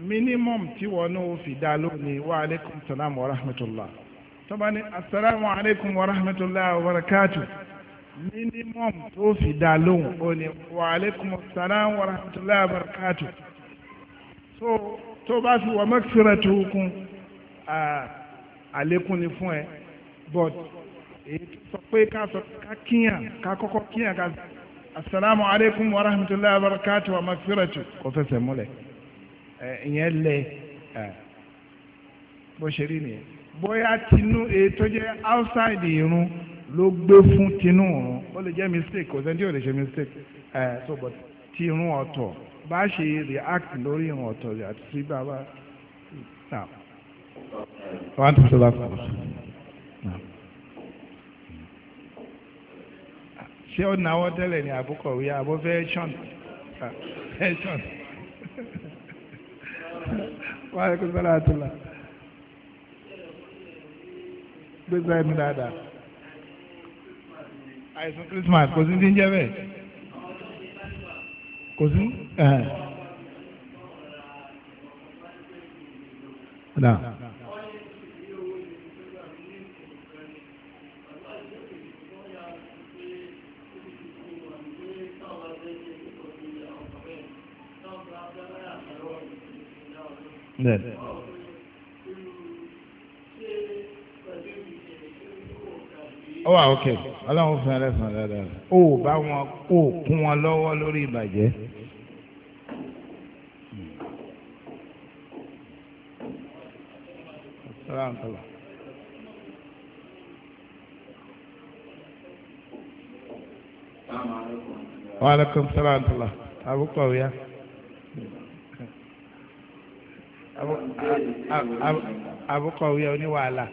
minimum tí wọn náà fi dá lónìí wa aleykum salaam wa rahmatulah tó bá ní asalaamu aleykum wa rahmatulah wa barakatu minimum tó fi dá lóhùn ó ní wa aleykum salaam wa rahmatulah wa barakatu so tó bá fi wa maksiratu kún àlékún ni fún ẹ. but èyí sọ pé ká sọ ká kíyàn ká kọ́kọ́ kíyàn ká asalaamu aleykum wa rahmatulahi wa wa mafiratu kò fẹsẹ̀ múlẹ̀ ìyẹn lẹ bó ṣe rí nìyẹn bóyá tinú èyí outside irun ló gbé fún tinú irun ó lè mistake kò sẹ́ni o lè ṣe mistake so but ti irun ọ̀tọ̀ bá ṣe react lórí irun ọ̀tọ̀ àti sí bàbá náà. wọ́n á tún ṣe láti ṣé ó náwó tẹ́lẹ̀ ní àbúkọ̀wé àbúfẹ́ ṣọ́n ẹ ṣọ́n wàá kó sọ́lá àtúlà gbégbá ẹ̀mí dáadáa àìsàn Christmas kò sí ní jẹ́ bẹ́ẹ̀ kò sí. Nah. bẹ́ẹ̀ ó wà ókè ọlọ́run fún ẹlẹ́sàn dáadáa ó bá wọn kó kún wọn lọ́wọ́ lórí ìbàjẹ́. Wa alaikum salaam tala àbúkọ̀wé oníwàhálà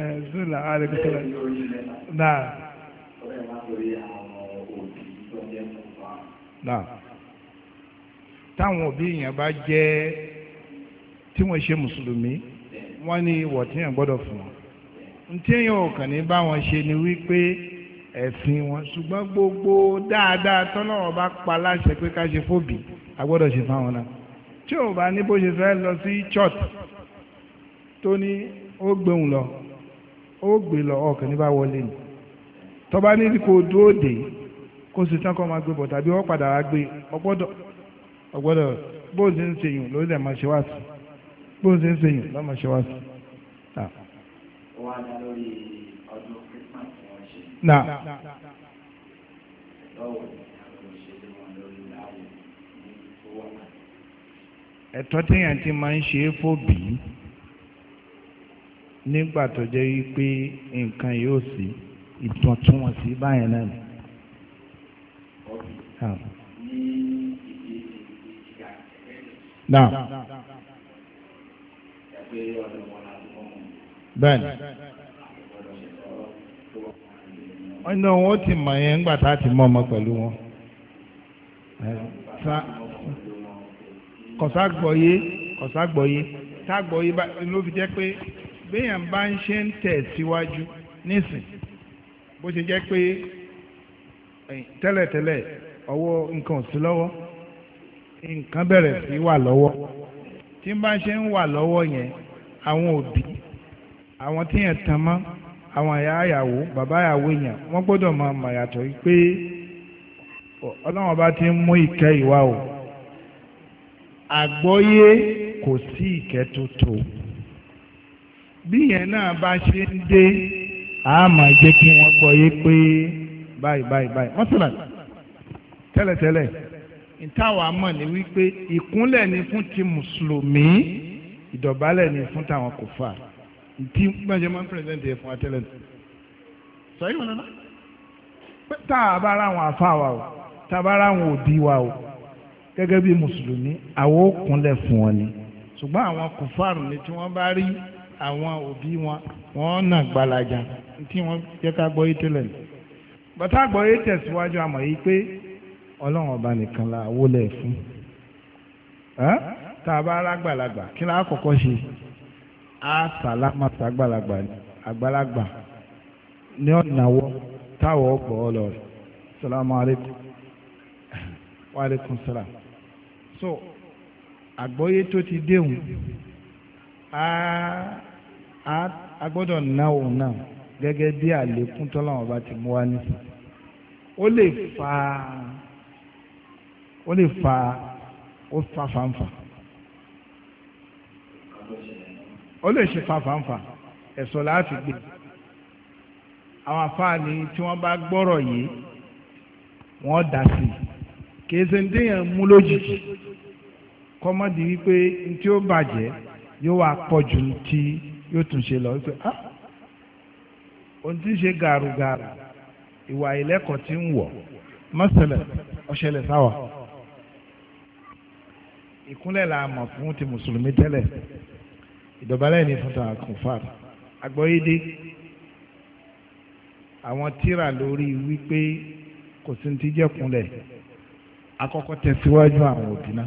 ẹ̀ẹ́dúnlá alẹ́kùtọ́lá náà. náà táwọn òbí yẹn bá jẹ́ tí wọ́n ṣe mùsùlùmí wọ́n ní ìwọ̀ tí yẹn gbọ́dọ̀ fún wọn. ntí yẹn ò kàn ní bá wọn ṣe ni wípé ẹ̀sìn wọn ṣùgbọ́n gbogbo dáadáa tọ́lọ́wọ́ bá pa láṣẹ pé ká ṣe fóbi agbọ́dọ̀ ṣe fáwọn náà tí ò bá ní bó ṣe fẹ́ lọ sí church tó ní ó lọ ó lọ ọkàn ní bá wọlé ni tọ́ba ní kò dúró dé kó sì tán o máa gbé bọ̀ tàbí wọ́n padà wá gbé ọgbọ́dọ̀ ọgbọ́dọ̀ bó ṣe ń ló lè máa ṣe ẹ̀tọ́ téèyàn ti máa ń ṣe é fòbí nígbà tó jẹ́ wípé nǹkan yóò sí ìtọ̀túnwọ̀nsí báyẹn náà ni. bẹ́ẹ̀ni ọ̀nà wọn ti mọ̀ yẹn ńgbà tá a ti mọ̀ ọmọ pẹ̀lú wọn kọ̀ságbọ̀yé kọ̀ságbọ̀yé tágbọ̀yé ló fi jẹ́ pé béèyàn bá ń ṣe ń tẹ̀ síwájú nísìn bó ṣe jẹ́ pé tẹ́lẹ̀tẹ́lẹ̀ ọwọ́ nǹkan ò sí lọ́wọ́ nǹkan bẹ̀rẹ̀ sí wà lọ́wọ́ tí n bá ṣe ń wà lọ́wọ́ yẹn àwọn òbí àwọn tí yẹn tan mọ́ àwọn àyà àyàwó bàbá àyàwó èèyàn wọ́n gbọ́dọ̀ máa mọ̀ yàtọ̀ pé ọlọ́wọ́n bá ti ń mú ìkẹ́ ìwà o àgbọ́yé kò sí ìkẹ́tótó bí yẹn náà bá ṣe ń dé a máa jẹ́ kí wọ́n gbọ́yé pé báyìí báyìí báyìí mọ́tàlá tẹ́lẹ̀tẹ́lẹ̀ ìtawà mọ̀ ní wípé ìkúnlẹ̀ ni fún ti mùsùlùmí ìdọ̀bálẹ̀ ni fún tàwọn kò fà tí gbọ́njẹ́ máa ń yẹn fún wa tẹ́lẹ̀ sọ yìí wọn nana tá a bá ra àwọn àfa wa o tá a bá ra àwọn òbí wa o gẹ́gẹ́ bí mùsùlùmí àwọn ó kúnlẹ̀ fún wọn ni ṣùgbọ́n àwọn kùfàrù ni tí wọ́n bá rí àwọn òbí wọn wọ́n nà gbalaja tí wọ́n jẹ́ ká gbọ́ yìí tẹ́lẹ̀ ní. bàtà gbọ́ yìí tẹ̀síwájú àmọ́ yìí pé ọlọ́run ọba nìkan la wólẹ̀ fún tá a bá lágbàlagbà kí ni a kọ́kọ́ ṣe a sàlámà sàgbàlagbà àgbàlagbà ní ọ̀nàwọ́ táwọ̀ ọgbọ̀ ọlọ́rẹ̀ salamu alaykum wa alaykum so àgbọ́yé tó ti déhùn a a a gbọ́dọ̀ ná òun náà gẹ́gẹ́ bí àlékún tọ́lọ́wọ́n bá ti mú wá nísìn ó lè fa ó lè fa ó fa fanfa ó lè ṣe fa fanfa ẹ̀sọ́ láti gbé àwọn afáàní tí wọ́n bá gbọ́rọ̀ yìí wọ́n dà sí kì í ṣe ń déyàn mú lójijì kọ́mọ́dì wípé tí ó bàjẹ́ yóò wá pọ̀jù tí yóò tún ṣe lọ wípé ah ohun tí ń ṣe gàrúgàrú ìwà ìlẹ́kọ̀ọ́ tí ń wọ̀ mọ́sẹ̀lẹ̀ ọ̀ṣẹ̀lẹ̀ sáwà ìkúnlẹ̀ la mọ̀ fún ti mùsùlùmí tẹ́lẹ̀ ìdọ̀bálẹ̀ ní fúnta kùfàr agbọ́yédé àwọn tíra lórí wípé kò sí ti jẹ́kunlẹ̀ akọ́kọ́ tẹ̀síwájú àwọn òbí náà.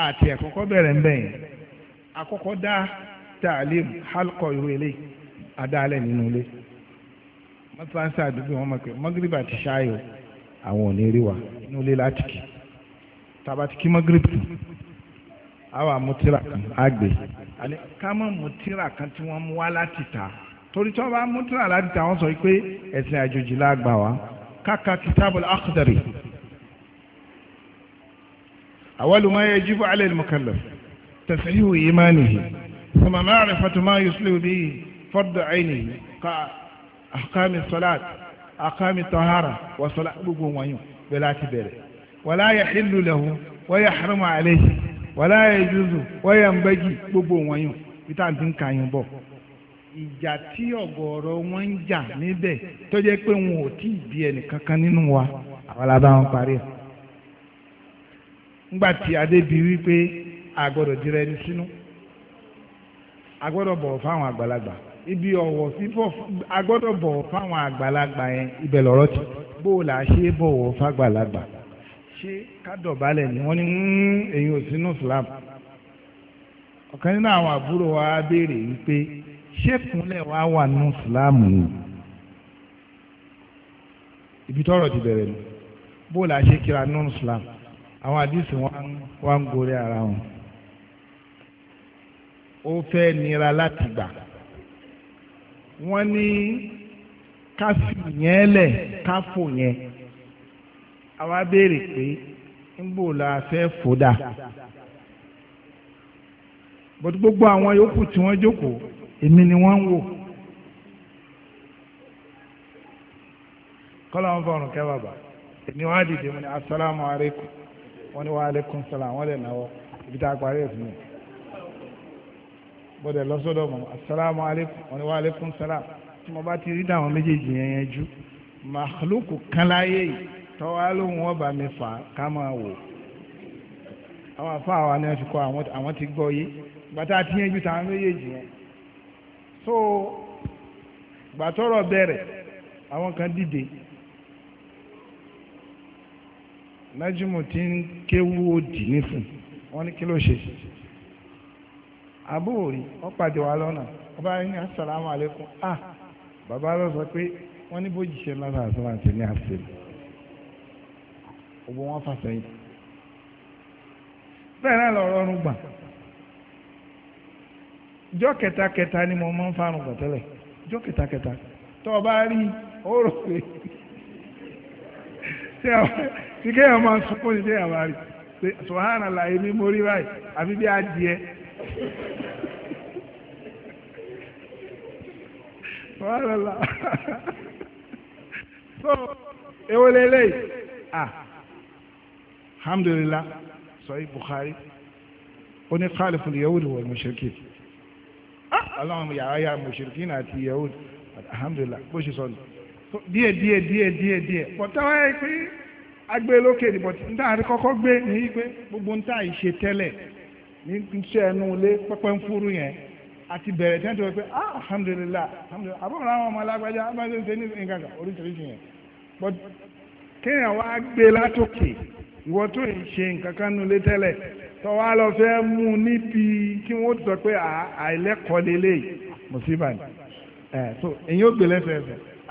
àti àkọ́kọ́ bẹ̀rẹ̀ ń bẹ̀yìn àkọ́kọ́ dá taalim halkọ ìwé ilé adaalẹ̀ nínú ilé mọ́tíláńsì àdúgbò wọn mọ̀kẹ́ mọ́gírìbà ti ṣáàyò àwọn ò ní rí wa inú ilé láti kì tàbátì kí mọ́gírìbì àwọn amútírà kan àgbè ká mọ̀ mútírà kan tí wọ́n mú wá láti ta torí tí wọ́n bá mútírà láti ta wọ́n sọ pé ẹ̀sìn àjòjì lágbà wá káka kìtàbù al أول ما يجب على المكلف تسعيه إيمانه ثم معرفة ما يصلح به فرض عينه كأحكام الصلاة أحكام الطهارة وصلاة بقوم بلا تبرع ولا يحل له ويحرم عليه ولا يجوز وينبغي بقوم ويوم بتاعتين كاين بو ìjà tí ọ̀gọ̀ọ̀rọ̀ wọn ń jà níbẹ̀ tó jẹ́ pé wọn ò tí ì bí ẹnìkankan nínú wa àwọn alábàáwọn parí ẹ̀ ńgbà tí adé bi wípé àgbọ̀dọ̀ dira ẹni sínú àgbọ̀dọ̀ bọ̀wọ̀ fáwọn àgbàlagbà ibi ọ̀wọ̀ fífọ̀ àgbọ̀dọ̀ bọ̀wọ̀ fáwọn àgbàlagbà yẹn ibẹ̀ lọ́rọ̀ tí bó o là ṣe bọ̀wọ̀ fàgbàlagbà ṣé kádọ̀bálẹ̀ ni wọ́n ní hmm, èyí ò sínú Islam ọ̀kan nínú àwọn àbúrò wa béèrè wípé ṣé kúnlẹ̀ wa wà nínú Islam ni ibi tọ́rọ̀ ti bẹ̀rẹ̀ ni bó o là ṣe kíra nínú Islam. àwọn àdìsí ń gorí ara wọn ó fẹ́ nira láti gbà wọ́n ní ká yẹn lẹ̀ ká fò yẹn àwa béèrè pé ńgbò la fẹ́ fò dà gbogbo àwọn yòókù tí wọ́n jókòó èmi ni wọ́n ń wò. kọ́lá wọn fọ̀rùn kẹ́ bàbá èmi wọ́n ní wọ́n alẹ́kùn sọ́la àwọn ọ̀dẹ̀ náwọ́ ibi tá a parí ẹ̀ fún mi bọ́dẹ̀ lọ́sọ́dọ̀ mọ́ asalaamu aleykum wọ́n ní wọ́n aleykum salaam tí mo bá ti rí dáwọn méjèèjì yẹn yẹn jú màlúkù kan láyé yìí tọ́wá lóhun wọ́n bá mi fà ká máa wò àwọn afọ àwa ni wọ́n ti kọ́ àwọn ti gbọ́ yé gbàtà tí yẹn ju táwọn méjèèjì yẹn so gbàtọ́rọ̀ bẹ̀rẹ̀ àwọn kan dìde nájúmù ti ń kéwú òdì nísìn ní kí ló ṣe àbúrò ọ pàdé wa lọ́nà ọba ní asàlámù alẹ́kùn ah bàbá lọ sọ pé wọ́n ní bójì ṣe lọ́nà àsọ̀ràǹtì ní àṣìlè wọn fà sẹ́yìn bẹ́ẹ̀ náà lọ rọrùn gbà ni mo máa ń gbà tẹ́lẹ̀ tọ́ ọ bá rí i ó tí kéèyàn máa sunkún ní kéèyàn máa rí sùhánà láyé ní mórí báyìí àbí bí adìẹ so ewo lélẹ́yìí ah alhamdulillah sọyí Bukhari ó ní khalifu yahudi wal mushrikin ah ọlọ́run yàrá yà mushrikin àti yahudi alhamdulillah bó ṣe sọ nù díẹ̀ díẹ̀ díẹ̀ díẹ̀ díẹ̀ pọ̀tàwá yẹ pé agbé lókè ní bọ̀tí níta àti kọ́kọ́ gbé ní pé gbogbo níta ìṣe tẹ́lẹ̀ ní iṣẹ́ ẹnu ilé pẹ́pẹ́ ń fúru yẹn àti bẹ̀rẹ̀ tí wọ́n pé ah alhamdulilah alhamdulilah àbúrò àwọn ọmọ alágbájá abájọ́ ń ṣe ní nǹkan kan oríṣiríṣi yẹn but kéèyàn wá gbé látòkè ìwọ tó ń ṣe nǹkan kan nulẹ̀ tẹ́lẹ̀ tó wá lọ fẹ́ mú níbi kí wọ́n sọ pé ah, àìlẹ́kọ̀ọ́ lélẹ́yìí mùsíbà ni so èyí ó gbé lẹ́fẹ̀ẹ́fẹ̀ẹ́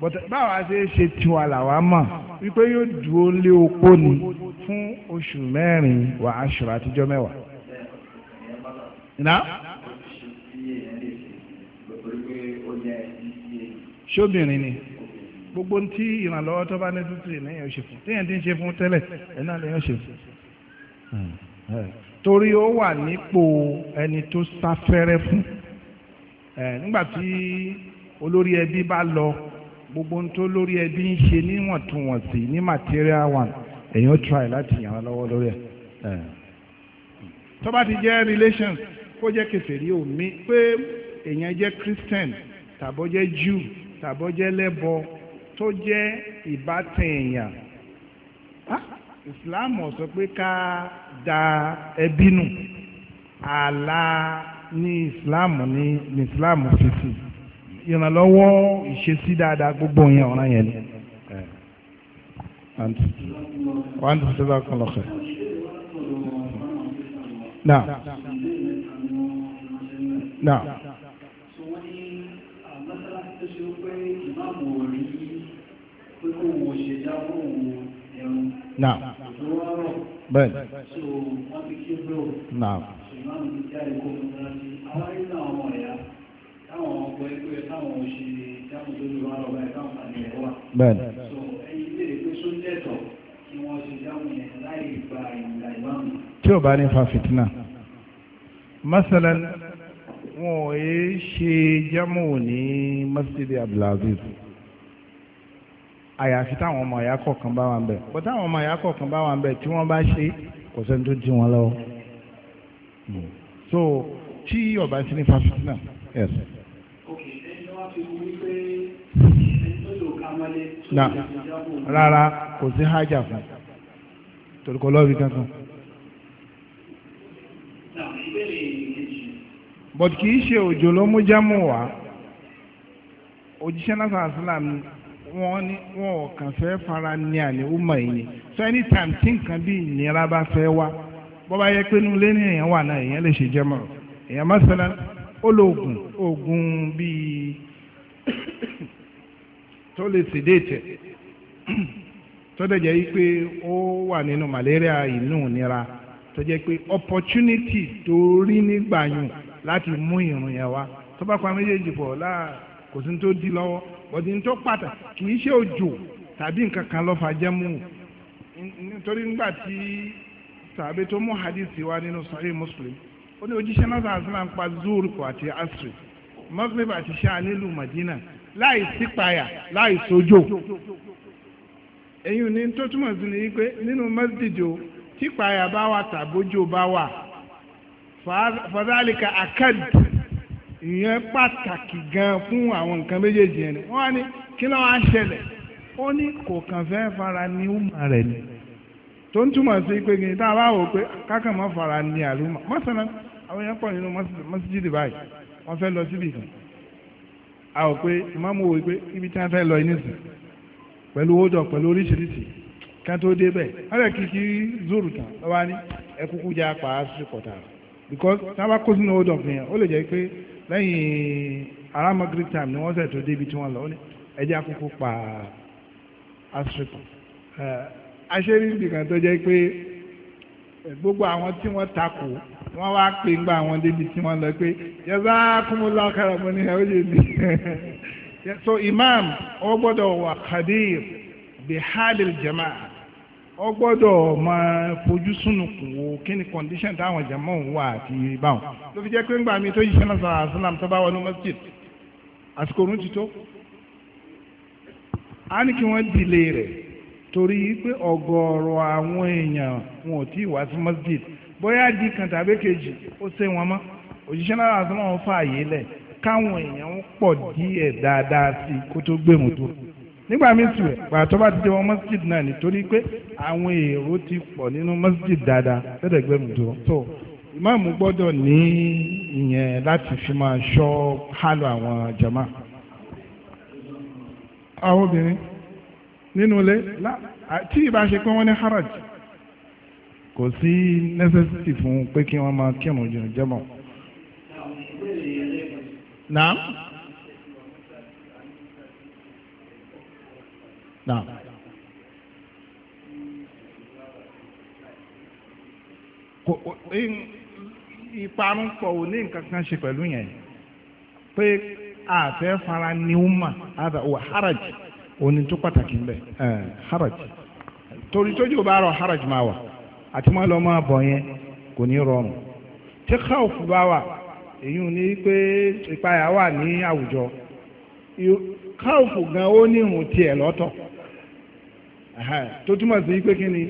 But báwa ṣe é ṣe tiwa làwa mọ̀ wípé yóò dúró lé opó ni fún oṣù mẹ́rin wà aṣọ àtijọ́ mẹ́wàá. ṣóbìnrin ni gbogbo tí ìrànlọ́wọ́ tó bá ní tuntun yìí lẹ́yìn oṣù fún téèyàn ti ń ṣe fún tẹ́lẹ̀ ẹ̀ náà lẹ́yìn oṣù fún. Hmm. torí ó wà nípò ẹni tó sáfẹ́rẹ́ fún nígbà tí olórí ẹbí bá lọ gbogbo ń tó lórí ẹbí ń ṣe níwọ̀ntúnwọ̀nsì ní material one èèyàn try láti yàn án lọ́wọ́ lórí ẹ̀. tó bá ti jẹ́ relations kó jẹ́ kèfèrí omi pé èèyàn jẹ́ Christian tàbọ́ jẹ́ Jew tàbọ́ jẹ́ lẹ́bọ tó jẹ́ ìbátan èèyàn Islam sọ pé ká da ẹbí nù ààlà ní Islam ní Islam fi ìrànlọ́wọ́ ìṣesí dáadáa gbogbo yẹn ọ̀ràn yẹn ni. wàá ní sọ́dọ̀ káwọn ọgbọ ẹgbẹ́ káwọn ṣe dáhùn tó lè wá ọba ẹ káwọn tàbí so ẹyin lè pé só lẹ́tọ̀ kí wọ́n ṣe dáhùn yẹn láì gba ìgbà ìmáàmù. tí ò bá ní fa fìtínà masalan wọn ò yé ṣe jámù ní masjid abdulaziz àyàfi táwọn ọmọ àyà kọ̀ọ̀kan bá wà ń bẹ̀ bọ́ táwọn ọmọ àyà kọ̀ọ̀kan bá wà ń bẹ̀ tí wọ́n bá ṣe kò sẹ́ni tó dín wọn lọ́wọ́ so tí ọba sí ní fásitì náà yes. na rárá kò sí hajj fún torí kò kankan. kì í ṣe òjò ló mú jámù wá òjíṣẹ́ wọn fẹ́ fara ní àlè ọmọ yìí ni so anytime tí nǹkan bí ìnira bá fẹ́ wá bọ́ yẹ pé èèyàn wà náà èèyàn lè ṣe jẹ́mọ̀ èèyàn ó tó lè sedate tó pé ó wà nínú malaria inú nira tó jẹ́ pé opportunity tó rí nígbàyàn láti mú ìrùn yẹn wá tó bá pa méjèèjì pọ̀ láà kò sí tó di lọ́wọ́ tó pàtàkì kì í ṣe òjò tàbí nǹkan kan nítorí nígbà tí tàbí tó mú hadith wá nínú Maghrib àti ṣáà nílùú Madina láì sípayà láì sójò èyí ni tó túmọ̀ sí ni wípé nínú masjid o típayà bá wà tàbójò bá wà fadálíkà akad ìyẹn pàtàkì gan fún àwọn nǹkan méjèèjì yẹn ni wọ́n á ní kí ló wá ṣẹlẹ̀ ó ní kò kàn fẹ́ fara ní ùmà rẹ̀ ni tó ń túmọ̀ sí pé kí ni tá a bá wò pé kákàn má fara ní àlùmà mọ́sánná àwọn yẹn pọ̀ nínú masjid báyìí wọ́n fẹ́ lọ síbi kan a ò pé ìmáàmù wò pé ibi tí wọ́n fẹ́ lọ nísìn pẹ̀lú wódọ̀ pẹ̀lú oríṣiríṣi ká tó dé bẹ̀ wọ́n fẹ́ kìkì zoro tán lọ́wọ́ ní ẹkúkú já pa àsìkò tà because táwa kó sínú wódọ̀ fún yẹn ó lè jẹ́ pé lẹ́yìn aramagiri time ni wọ́n sẹ̀ tó dé ibi tí wọ́n lọ ẹjẹ́ àkókò pa àsìkò aṣẹ́rí nìkan tó jẹ́ pé gbogbo àwọn tí wọ́n takò wọ́n wá pè ń gba àwọn débi tí wọ́n lọ pé yẹ́sà kúmúlá kára mo ní ẹ̀rọ so imam gbọ́dọ̀ khadir bi halil jama'a Ọ gbọ́dọ̀ máa fojú sunukun wo kí ni condition táwọn jama ń wà àti báwọn. ló fi jẹ́ pé ńgbà mi tó yí sẹ́nà sàrà sàlám tó masjid àsìkò òun ti tó. a ní kí wọ́n dìlé rẹ̀ torí pé àwọn masjid. bóyá di kan tàbí kejì ó ṣe wọn mọ́ òjíṣẹ́ náà àti wọn fààyè lẹ̀ káwọn èèyàn ń pọ̀ díẹ̀ dáadáa sí i kó tó gbẹ̀mù tó nígbà mísù ẹ̀ gbà tó bá ti dé wọn masjid náà nítorí pé àwọn èrò ti pọ̀ nínú masjid dáadáa tẹ́lẹ̀ gbẹ̀mù tó tó ìmáàmù gbọ́dọ̀ ní ìyẹn láti fi máa ṣọ́ hálò àwọn jama àwọn obìnrin nínú ilé tí ìbá ṣe ní haraj kò sí necessity fún pé kí wọ́n máa kírun jùlọ jẹ́mọ̀. naam naam. ìparun pọ̀ ò ní nǹkan kan ṣe pẹ̀lú yẹn pé àfẹ́ fara ni ó mà haraj òní tó pàtàkì ń bẹ̀ haraj torí tójú bá rọ haraj máa wà àti máa lọ máa bọ̀ yẹn kò ní rọrùn tí káwùfù bá wà èyí ni pé ìpayà wà ní àwùjọ káwùfù gan ó ní ìhùn tiẹ̀ lọ́tọ̀ tó túmọ̀ sí pé kí ni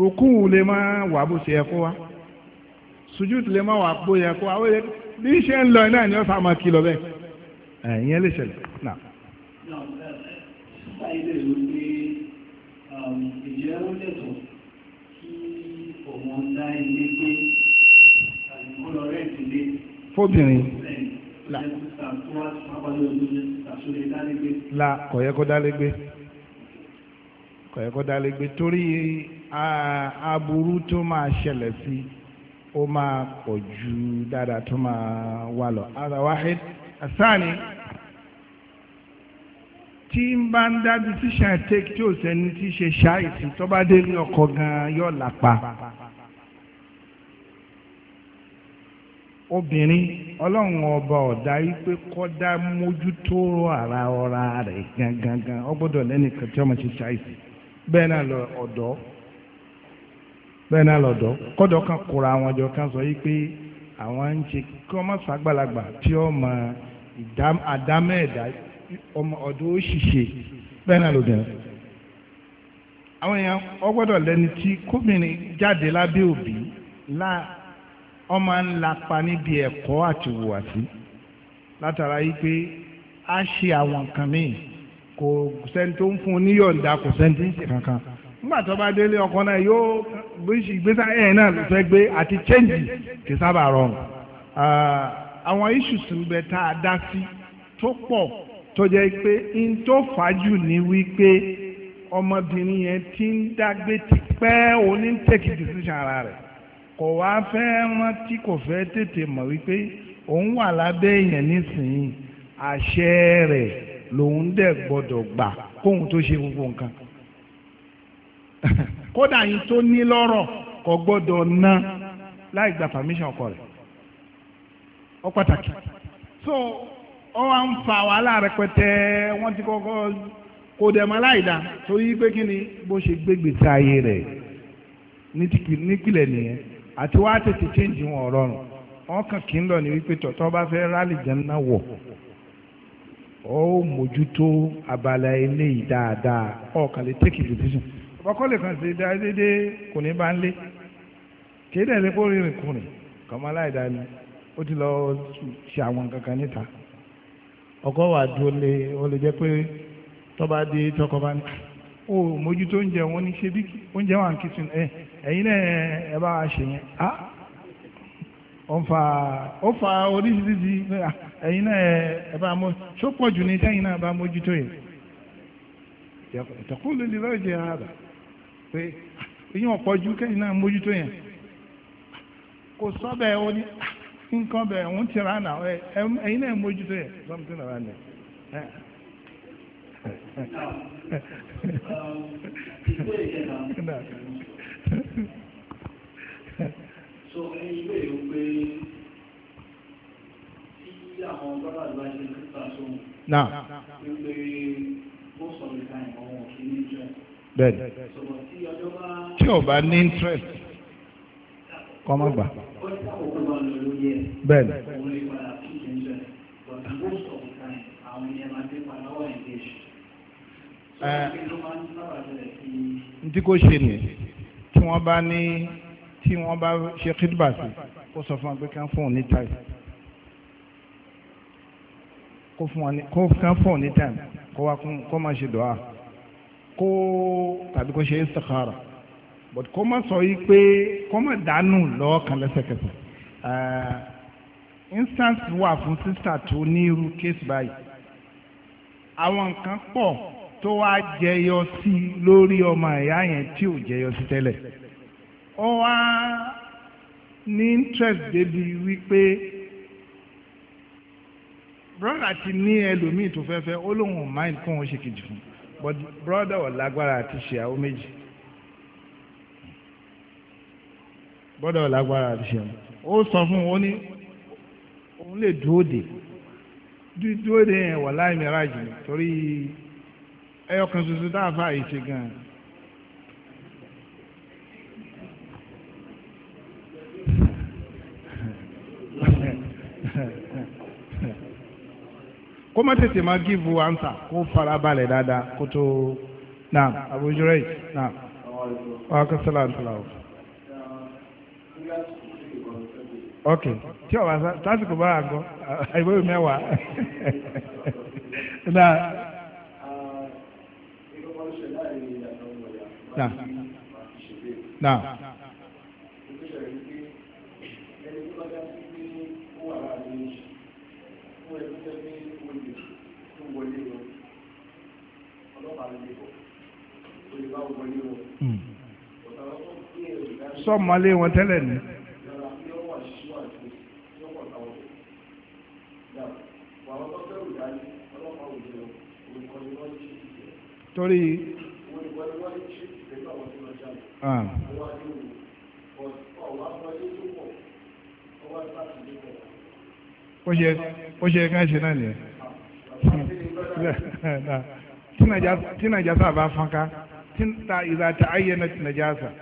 rukú lè má wà bó ṣe yẹ kó wá sujúd lè má wà bó yẹ kó wá bí iṣẹ́ ń lọ náà ni ó sá máa kí lọ bẹ́ẹ̀ ìyẹn lè ṣẹlẹ̀ náà. Um, ìjẹ́ ó lè dá fóbìnrin. la la kò yẹ kó dálégbé kò yẹ kó dálégbé torí aburú tó máa ṣẹlẹ̀ sí ó máa pọ̀ ju dáadáa tó máa wà lọ. àtàwáhid asani tí ń bá ń dá decision take tí ò sẹ́ni tí ṣe ṣáìsì tó bá dé ní ọkọ̀ gan-an yóò lápa. obìnrin ọlọ́run ọba ọ̀dà yìí kọ́dá mójútó ara ọra rẹ̀ gangan ó gbọ́dọ̀ lẹ́nìkan tí ọmọ ṣe ṣàìsí lọ ọ̀dọ́ bẹ́ẹ̀ náà lọ̀dọ́ kọ́dọ̀ kan kóra àwọn ọjọ́ kan sọ yìí àwọn ń ṣe kí wọ́n sàgbàlagbà tí ọmọ àdámẹ́ẹ̀dá ọmọ ọ̀dọ́ òṣìṣẹ́ bẹ́ẹ̀ náà lọ́dọ̀ àwọn èèyàn gbọ́dọ̀ lẹ́ni tí kóbìnrin jáde wọ́n máa ń lapa níbi ẹ̀kọ́ àti ìhùwàsí látara yìí pé a ṣe àwọn nǹkan míì kò sẹ́ni tó ń fún un níyọ̀ǹda kò sẹ́ni tó ń ṣe kankan nígbà tó bá délé ọkọ náà yóò gbèsè ìgbésẹ̀ ẹ̀ náà ló fẹ́ gbé àti chẹ́ǹjì kì í sábà rọrùn àwọn issues bẹ tá a dá sí tó pọ̀ tó jẹ́ pé n tó fàájù ní wípé ọmọbìnrin yẹn ti ń dágbé tipẹ́ onítẹ̀kì decision ara rẹ̀ kò wá fẹ́ wọn tí kò fẹ́ tètè mọ̀ wípé òun wà lábẹ́ èèyàn nísìnyí àṣẹ rẹ̀ lòun dẹ̀ gbọ́dọ̀ gbà kóhun tó ṣe gbogbo nǹkan kódà yìí tó ní lọ́rọ̀ kò gbọ́dọ̀ ná láì gba permission ọkọ rẹ̀ ọ pàtàkì so ọ wá ń fa wàhálà rẹpẹtẹ wọn ti kọ́kọ́ kò dẹ̀ mọ́ láìda torí pé kí ni bó ṣe gbégbèsè ayé rẹ̀ nípìnlẹ̀ nìyẹn àti wá tètè change wọn ọ̀rọ̀rùn wọn kàn kí n lọ ní wípé tọ̀tọ̀ bá fẹ́ rálì jẹ́nà wọ̀ ó mójútó abala eléyìí dáadáa ọ̀kan lè take it decision ọ̀bọ̀kọ́ lè kàn sí déédéé kò ní bá ń lé kì í dẹ̀ lé kó rìnrìn kùnrin kàmá aláìdá ni ó ti lọ ṣe àwọn kankan níta ọkọ wà dúró lé ó lè jẹ́ pé tọ́ba dé tọkọ bá ní ó mójútó oúnjẹ wọn ní ṣe bí oúnjẹ wà ń kí sun ẹ̀ ẹ̀yin náà ẹ bá wa ṣe yẹn á ó fa ó fa oríṣiríṣi ẹ̀yin náà ẹ bá mọ ṣó pọ̀ jù ní sẹ́yìn náà bá mójútó yẹn ìtọ́kùn lè lè lọ́ọ́ jẹ́ ààbà pé ìyẹn ọ̀pọ̀ ju kẹ́yìn náà mójútó yẹn kò sọ́bẹ̀ ó ní nǹkan bẹ̀ ń tira nà ẹ̀yin náà mójútó yẹn something around there. Now, um, sọ fún ilé ìlú pé tí àwọn bọ́lá ìlú àti kíkà sóhun. náà wípé ó sọ nípa ìmọ̀ wọn kì í ní interest. bẹ́ẹ̀ni sọ̀rọ̀ tí ọjọ́ bá. ní interest kọ́ má gbà. ó ní ẹ̀. bẹ́ẹ̀ni. Eh. kò ṣe nìyẹn tí wọ́n bá ní tí wọ́n bá ṣe kídùbà sí kó sọ fún wọn pé kí wọ́n fún òun ní time kó fún wọn ní kó kán fún òun ní time kó wá kún kó máa ṣe dùá kó tàbí kó ṣe istikhara but kó má sọ yìí pé kó má dànù lọ́ọ̀kan lẹ́sẹ̀kẹsẹ̀ eh, instance wà fún sísà tó ní irú case báyìí àwọn nǹkan pọ̀ tó wá jẹyọ sí lórí ọmọ ìyá yẹn tí ò jẹyọ sí tẹ́lẹ̀ ó wá ní interest débi wípé brother ti ní ẹlòmíì tó fẹ́fẹ́ ó lóun mind kó òun ṣe kejì fún but brother ò lágbára àti ṣe àwọn méjì brother ò lágbára àti ṣe àwọn ó sọ fún òun ó ní òun lè dúró dè dúró dè yẹn láì mìíràn jù torí ẹyọkan tuntun tá a fà yìí ṣe gan-an. kó má tètè má gíìfù ansa kó fara balẹ̀ dáadáa kó tó naam Abu Jurayj naam wa akasala antala o. ok tí o bá sásìkò bá a gbọ́ àìbó yìí mẹ́wàá náà. náà. náà. Hmm. sọ́mọlé wọn tẹ́lẹ̀ ní. torí. Ah. ó ṣe ká ṣe náà nìyẹn tí nàìjà sábà fọ́nká tin إذا idza نجاسة najasa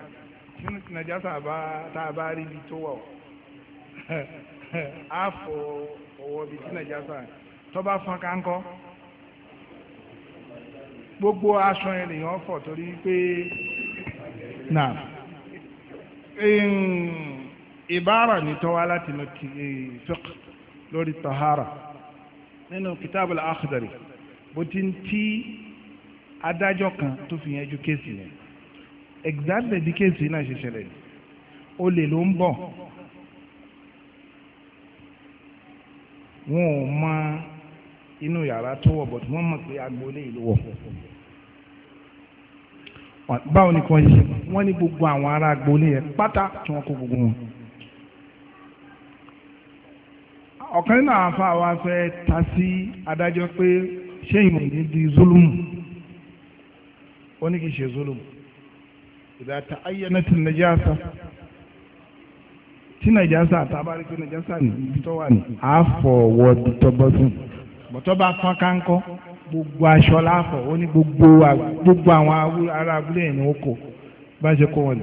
نجاسة najasa ba ta ba rí bí tó wà á fọ ọwọ́ bí tin najasa tó bá fọn kan ko gbogbo aṣọ ènìyàn fọ̀ torí pé na ìbára ni tó láti nu fiqh lórí tahara nínú kitab akhdari bó ti ń tí adájọ́ kan tó fi yanjú kéèsì yẹn exactly bí kéèsì náà ṣe ṣẹlẹ̀ ni olè ló ń bọ̀ wọn ò mọ inú yàrá tó wọ̀ bọ̀ tí wọ́n mọ̀ pé agboolé ìlú wọ̀ báwo ni kàn yìí wọ́n ní gbogbo àwọn ará agboolé yẹn pátá tí wọ́n kó gbogbo wọn. ọ̀kan nínú àwọn afáwa fẹ́ ta sí adájọ́ pé ṣé ìmọ̀ ní di zulumu. ó ní zulum ta tí najasa àtàbárí pé najasa ní ibi tó wà gbogbo aṣọ láàfọ̀ gbogbo àwọn ará abúlé ẹ̀ ní ó wọn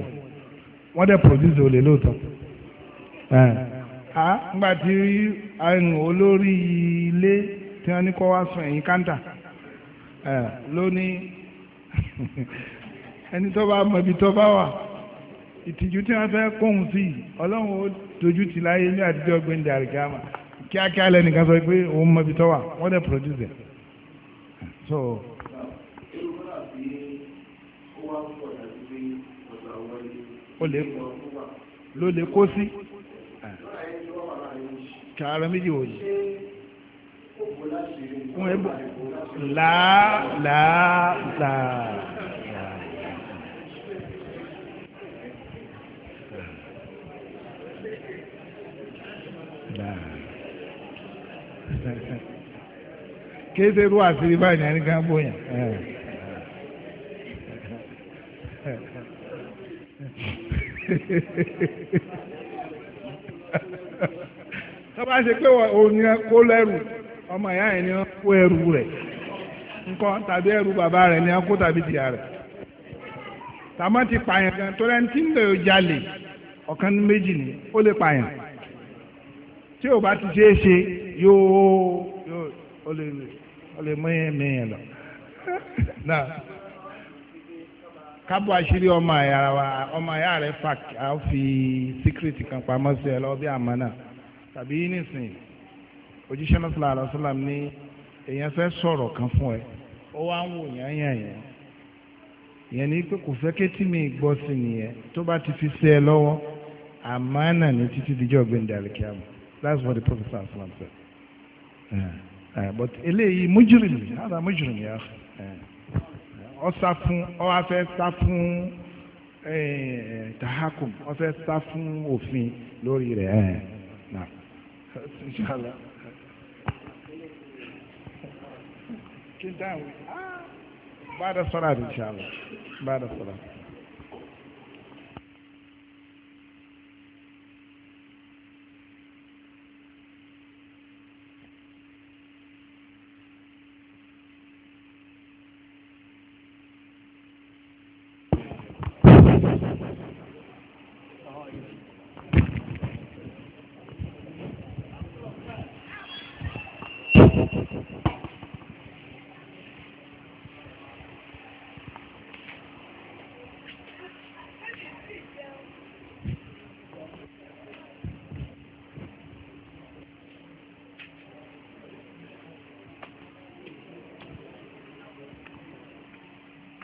wọ́n dẹ̀ produce olè lóòótọ́ nígbà tí olori ilé tí wọ́n ní kọ́ wá ẹni tó bá mọ ibi tó bá wà ìtìjú tí wọ́n fẹ́ kóhun sí ọlọ́run ó dojú ti láyé ní àtijọ́ gbẹ̀ndẹ̀ àríkàmà kíákíá lẹ́nìkan sọ pé òun mọ ibi tó wà wọ́n dẹ̀ produce so. O lè ló lè kó sí kàrọ méjì wòye wọ́n ẹ̀bọ̀ láàláà kéde ru àṣírí báyìí ní ẹnìkan bóyá. tọ́ba ṣe pé òun ni kó lẹ́rù. ọmọ ya yẹn ni wọ́n kó ẹrù rẹ ńkọ́ tàbí ẹrù bàbá rẹ̀ ni wọ́n kó tàbí tìyà rẹ tàmọ́ ti pààyàn gan torí ẹni tí ń lè jalè ọ̀kan méjì ni ó lè pààyàn tí o bá ti ṣe é ṣe yóò ó lè ó lè mú ẹ̀mẹ́yìn lọ. kábọ̀ àṣírí ọmọ àyà wa ọmọ àyà rẹ̀ fà á fi síkírìtì kan pamọ́ sí ẹ lọ́wọ́ bí àmọ́ náà tàbí òjíṣẹ́ náà sọ̀rọ̀ àlọ́sọ́là ní èèyàn fẹ́ sọ̀rọ̀ kan fún ẹ ó wá ń wò yán yàn yẹn ni pé kò fẹ́ kétí mi gbọ́ sí nìyẹn tó bá ti fi sí ẹ lọ́wọ́ àmánà ní títí dijọ́ gbẹ̀ndẹ̀ àlùkìyàmù that's what the prophet sallallahu said. Uh, but eléyìí mújúrìmì hàdà mújúrìmì yà ọ eh, sá fún ọ wá fẹ́ sá fún tahakum ọ fẹ́ sá fún òfin lórí rẹ̀ ẹ̀ náà. kí n dáhùn bá a dá sọ́ra àdìsí àlọ́ bá a sọ́ra